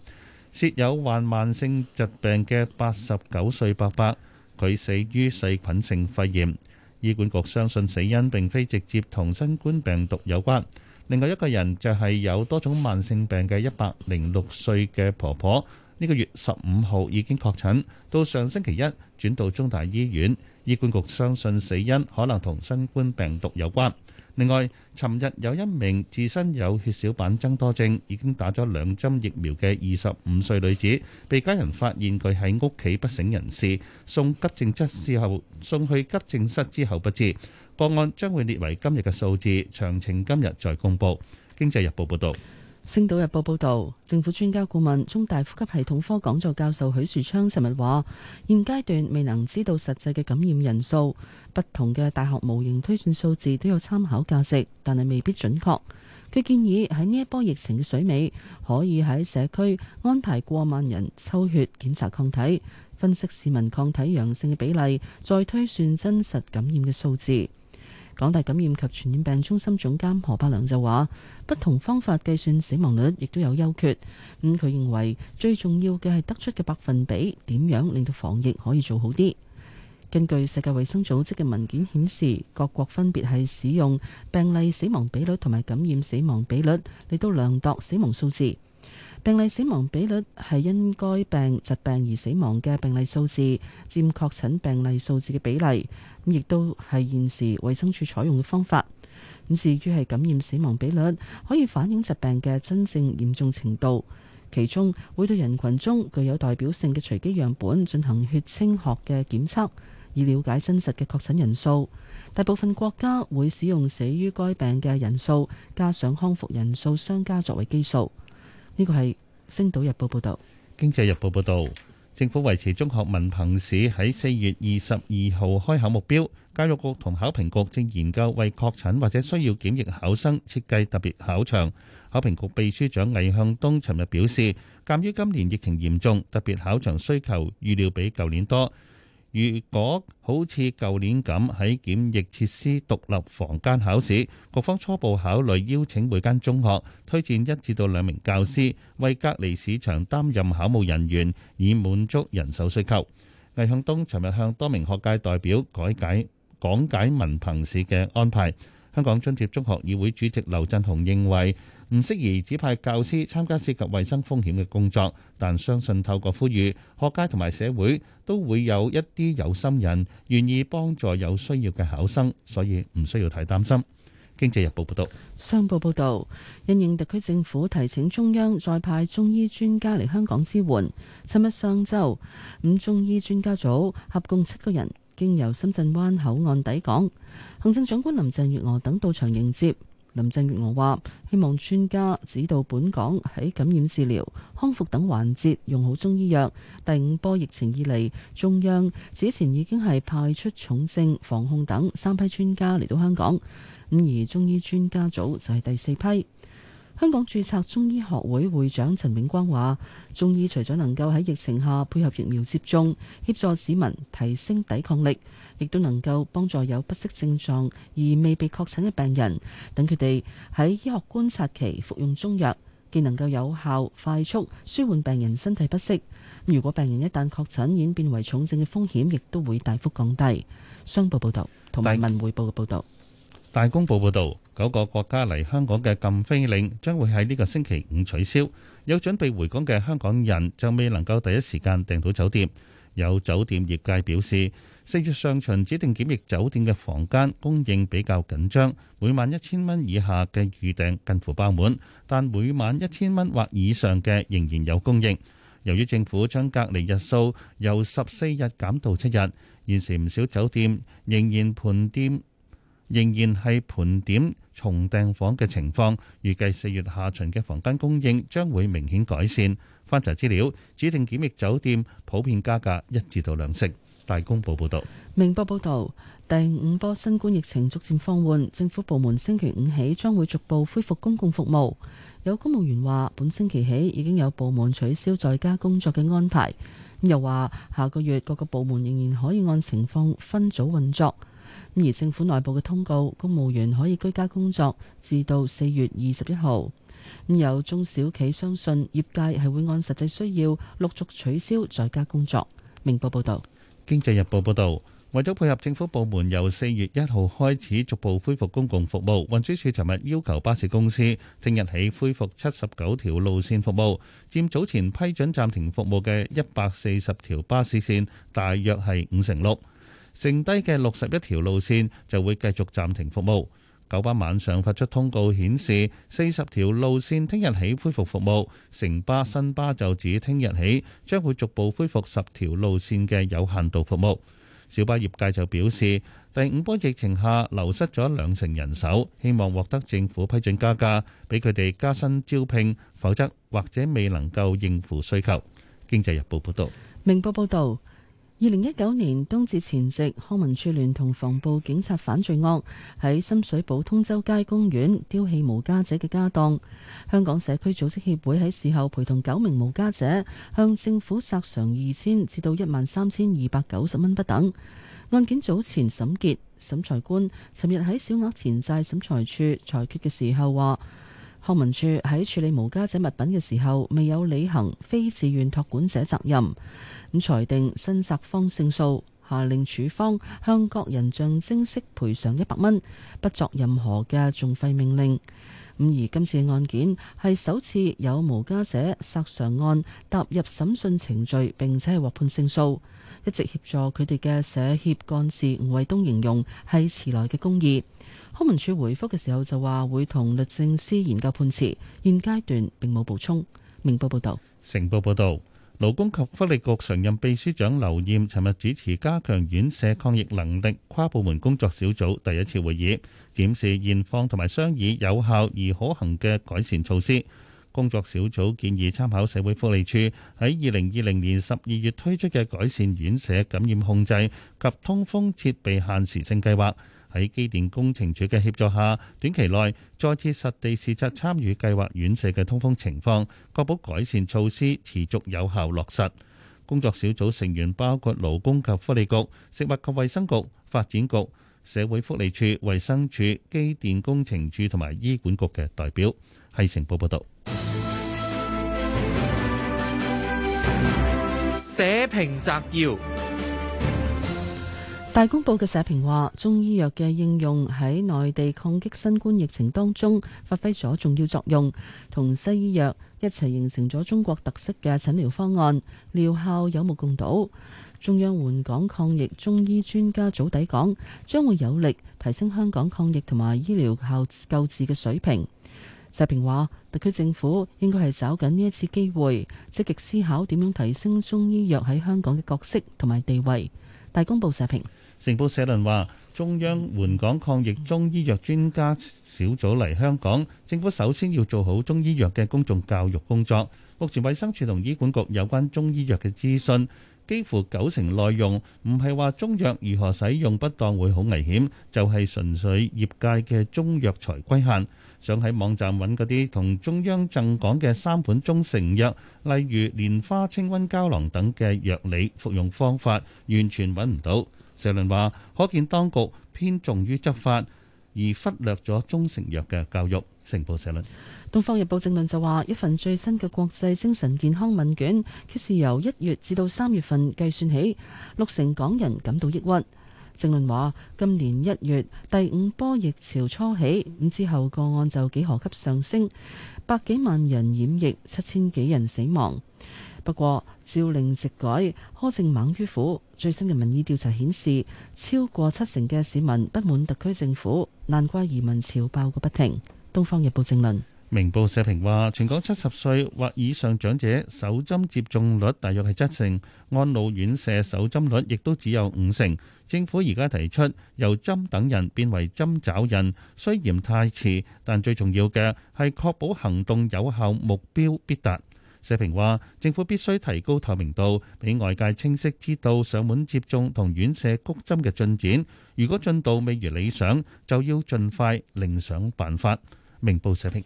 涉有患慢性疾病嘅八十九歲伯伯，佢死於細菌性肺炎。醫管局相信死因並非直接同新冠病毒有關。另外一個人就係有多種慢性病嘅一百零六歲嘅婆婆。呢個月十五號已經確診，到上星期一轉到中大醫院，醫管局相信死因可能同新冠病毒有關。另外，尋日有一名自身有血小板增多症、已經打咗兩針疫苗嘅二十五歲女子，被家人發現佢喺屋企不省人事，送急症室，事後送去急症室之後不治。個案將會列為今日嘅數字，詳情今日再公布。經濟日報報導。星島日報報道，政府專家顧問、中大呼吸系統科講座教授許樹昌尋日話，現階段未能知道實際嘅感染人數，不同嘅大學模型推算數字都有參考價值，但係未必準確。佢建議喺呢一波疫情嘅水尾，可以喺社區安排過萬人抽血檢查抗體，分析市民抗體陽性嘅比例，再推算真實感染嘅數字。港大感染及傳染病中心總監何柏良就話：不同方法計算死亡率，亦都有優缺。咁、嗯、佢認為最重要嘅係得出嘅百分比點樣令到防疫可以做好啲。根據世界衛生組織嘅文件顯示，各國分別係使用病例死亡比率同埋感染死亡比率嚟到量度死亡數字。病例死亡比率係因該病疾病而死亡嘅病例數字佔確診病例數字嘅比例。亦都係現時衞生署採用嘅方法。咁至於係感染死亡比率，可以反映疾病嘅真正嚴重程度。其中會對人群中具有代表性嘅隨機樣本進行血清學嘅檢測，以了解真實嘅確診人數。大部分國家會使用死於該病嘅人數加上康復人數相加作為基數。呢個係《星島日報》報導，《經濟日報》報導。政府維持中學文憑試喺四月二十二號開考目標。教育局同考評局正研究為確診或者需要檢疫考生設計特別考場。考評局秘書長魏向東尋日表示，鑑於今年疫情嚴重，特別考場需求預料比舊年多。如果好似舊年咁喺檢疫設施獨立房間考試，局方初步考慮邀請每間中學推薦一至到兩名教師為隔離市場擔任考務人員，以滿足人手需求。魏向東尋日向多名學界代表改解，講解文憑試嘅安排。香港津貼中學議會主席劉振雄認為，唔適宜指派教師參加涉及衞生風險嘅工作，但相信透過呼籲，學界同埋社會都會有一啲有心人願意幫助有需要嘅考生，所以唔需要太擔心。經濟日報報道，商報報道，因應特區政府提請中央再派中醫專家嚟香港支援，尋日上晝五中醫專家組合共七個人經由深圳灣口岸抵港，行政長官林鄭月娥等到場迎接。林鄭月娥話：希望專家指導本港喺感染治療、康復等環節用好中醫藥。第五波疫情以嚟，中央之前已經係派出重症防控等三批專家嚟到香港，咁而中醫專家組就係第四批。香港註冊中醫學會會長陳永光話：中醫除咗能夠喺疫情下配合疫苗接種，協助市民提升抵抗力。亦都能夠幫助有不適症狀而未被確診嘅病人，等佢哋喺醫學觀察期服用中藥，既能夠有效快速舒緩病人身體不適。如果病人一旦確診演變為重症嘅風險，亦都會大幅降低。商報報道同埋文匯報嘅報道，《大公報》報道，九個國家嚟香港嘅禁飛令將會喺呢個星期五取消。有準備回港嘅香港人，就未能夠第一時間訂到酒店。有酒店業界表示，四月上旬指定檢疫酒店嘅房間供應比較緊張，每晚一千蚊以下嘅預訂近乎爆滿，但每晚一千蚊或以上嘅仍然有供應。由於政府將隔離日數由十四日減到七日，現時唔少酒店仍然盤點，仍然係盤點重訂房嘅情況。預計四月下旬嘅房間供應將會明顯改善。翻查資料，指定檢疫酒店普遍加價一至到兩成。大公報報道，明報報道，第五波新冠疫情逐漸放緩，政府部門星期五起將會逐步恢復公共服務。有公務員話：本星期起已經有部門取消在家工作嘅安排。又話下個月各個部門仍然可以按情況分組運作。而政府內部嘅通告，公務員可以居家工作至到四月二十一號。咁有中小企相信業界係會按實際需要陸續取消在家工作。明報報道，經濟日報報道，為咗配合政府部門由四月一號開始逐步恢復公共服務，運輸署尋日要求巴士公司，聽日起恢復七十九條路線服務，佔早前批准暫停服務嘅一百四十條巴士線大約係五成六，剩低嘅六十一條路線就會繼續暫停服務。九巴晚上發出通告，顯示四十條路線聽日起恢復服務，城巴、新巴就指聽日起將會逐步恢復十條路線嘅有限度服務。小巴業界就表示，第五波疫情下流失咗兩成人手，希望獲得政府批准加價，俾佢哋加薪招聘，否則或者未能夠應付需求。經濟日報報導，明報報導。二零一九年冬至前夕，康文署聯同防暴警察反罪惡，喺深水埗通州街公園丟棄無家者嘅家當。香港社區組織協會喺事後陪同九名無家者向政府索償二千至到一萬三千二百九十蚊不等。案件早前審結，審裁官尋日喺小額錢債審裁處裁決嘅時候話，康文署喺處理無家者物品嘅時候，未有履行非自願託管者責任，咁裁定申索方勝訴，下令處方向各人象徵式賠償一百蚊，不作任何嘅訟費命令。咁而今次案件係首次有無家者索償案踏入審訊程序，並且係獲判勝訴。一直協助佢哋嘅社協幹事吳衛東形容係遲來嘅公義。康文署回覆嘅時候就話會同律政司研究判詞，現階段並冇補充。明報報道：成報報道，勞工及福利局常任秘書長劉焱尋日主持加強院舍抗疫能力跨部門工作小組第一次會議，檢視現況同埋商議有效而可行嘅改善措施。工作小組建議參考社會福利署喺二零二零年十二月推出嘅改善院舍感染控制及通風設備限時性計劃。喺機電工程署嘅協助下，短期內再次實地視察參與計劃院舍嘅通風情況，確保改善措施持續有效落實。工作小組成員包括勞工及福利局、食物及衛生局、發展局、社會福利處、衛生署、機電工程署同埋醫管局嘅代表。係成報報道。社評摘要。大公報嘅社評話：中醫藥嘅應用喺內地抗擊新冠疫情當中發揮咗重要作用，同西醫藥一齊形成咗中國特色嘅診療方案，療效有目共睹。中央援港抗疫中醫專家組抵港，將會有力提升香港抗疫同埋醫療效救治嘅水平。社評話：特區政府應該係抓緊呢一次機會，積極思考點樣提升中醫藥喺香港嘅角色同埋地位。大公報社評。成報社論話：中央援港抗疫中醫藥專家小組嚟香港，政府首先要做好中醫藥嘅公眾教育工作。目前衞生署同醫管局有關中醫藥嘅資訊，幾乎九成內容唔係話中藥如何使用不當會好危險，就係、是、純粹業界嘅中藥材規限。想喺網站揾嗰啲同中央贈港嘅三款中成藥，例如蓮花清瘟膠囊等嘅藥理服用方法，完全揾唔到。社論話，可見當局偏重於執法，而忽略咗中成藥嘅教育。成報社論，《東方日報》正論就話，一份最新嘅國際精神健康問卷，揭示由一月至到三月份計算起，六成港人感到抑鬱。正論話，今年一月第五波疫潮初起，咁之後個案就幾何級上升，百幾萬人染疫，七千幾人死亡。不過朝令夕改，苛政猛於虎。最新嘅民意調查顯示，超過七成嘅市民不滿特區政府，難怪移民潮爆個不停。《東方日報》正論，《明報》社評話：全港七十歲或以上長者首針接種率大約係七成，安老院舍首針率亦都只有五成。政府而家提出由針等人變為針找人，雖嫌太遲，但最重要嘅係確保行動有效，目標必達。社評話，政府必須提高透明度，俾外界清晰知道上門接種同院舍谷針嘅進展。如果進度未如理想，就要盡快另想辦法。明報社評。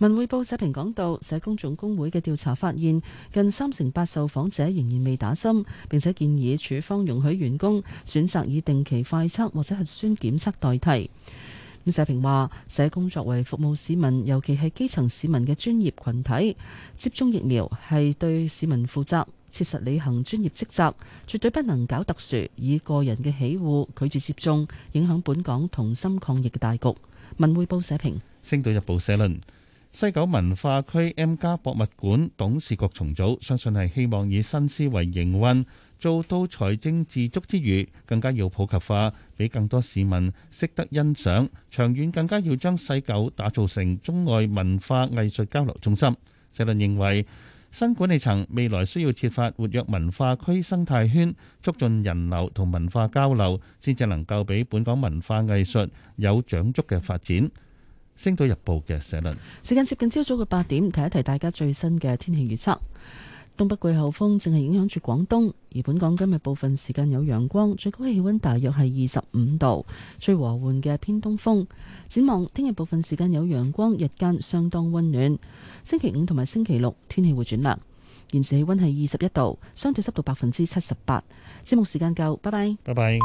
文匯報社評講到，社工總工會嘅調查發現，近三成八受訪者仍然未打針，並且建議處方容許員工選擇以定期快測或者核酸檢測代替。咁社評話，社工作為服務市民，尤其係基層市民嘅專業群體，接種疫苗係對市民負責，切實履行專業職責，絕對不能搞特殊，以個人嘅喜惡拒絕接種，影響本港同心抗疫嘅大局。文匯報社評。星島日報社論，西九文化區 M+ 博物館董事局重組，相信係希望以新思維營運。做到財政自足之餘，更加要普及化，俾更多市民識得欣賞。長遠更加要將西九打造成中外文化藝術交流中心。社論認為，新管理層未來需要設法活躍文化區生態圈，促進人流同文化交流，先至能夠俾本港文化藝術有長足嘅發展。星島日報嘅社論。時間接近朝早嘅八點，提一提大家最新嘅天氣預測。東北季候風正係影響住廣東，而本港今日部分時間有陽光，最高氣溫大約係二十五度，最和緩嘅偏東風。展望聽日部分時間有陽光，日間相當溫暖。星期五同埋星期六天氣會轉涼，現時氣溫係二十一度，相對濕度百分之七十八。節目時間夠，拜拜，拜拜。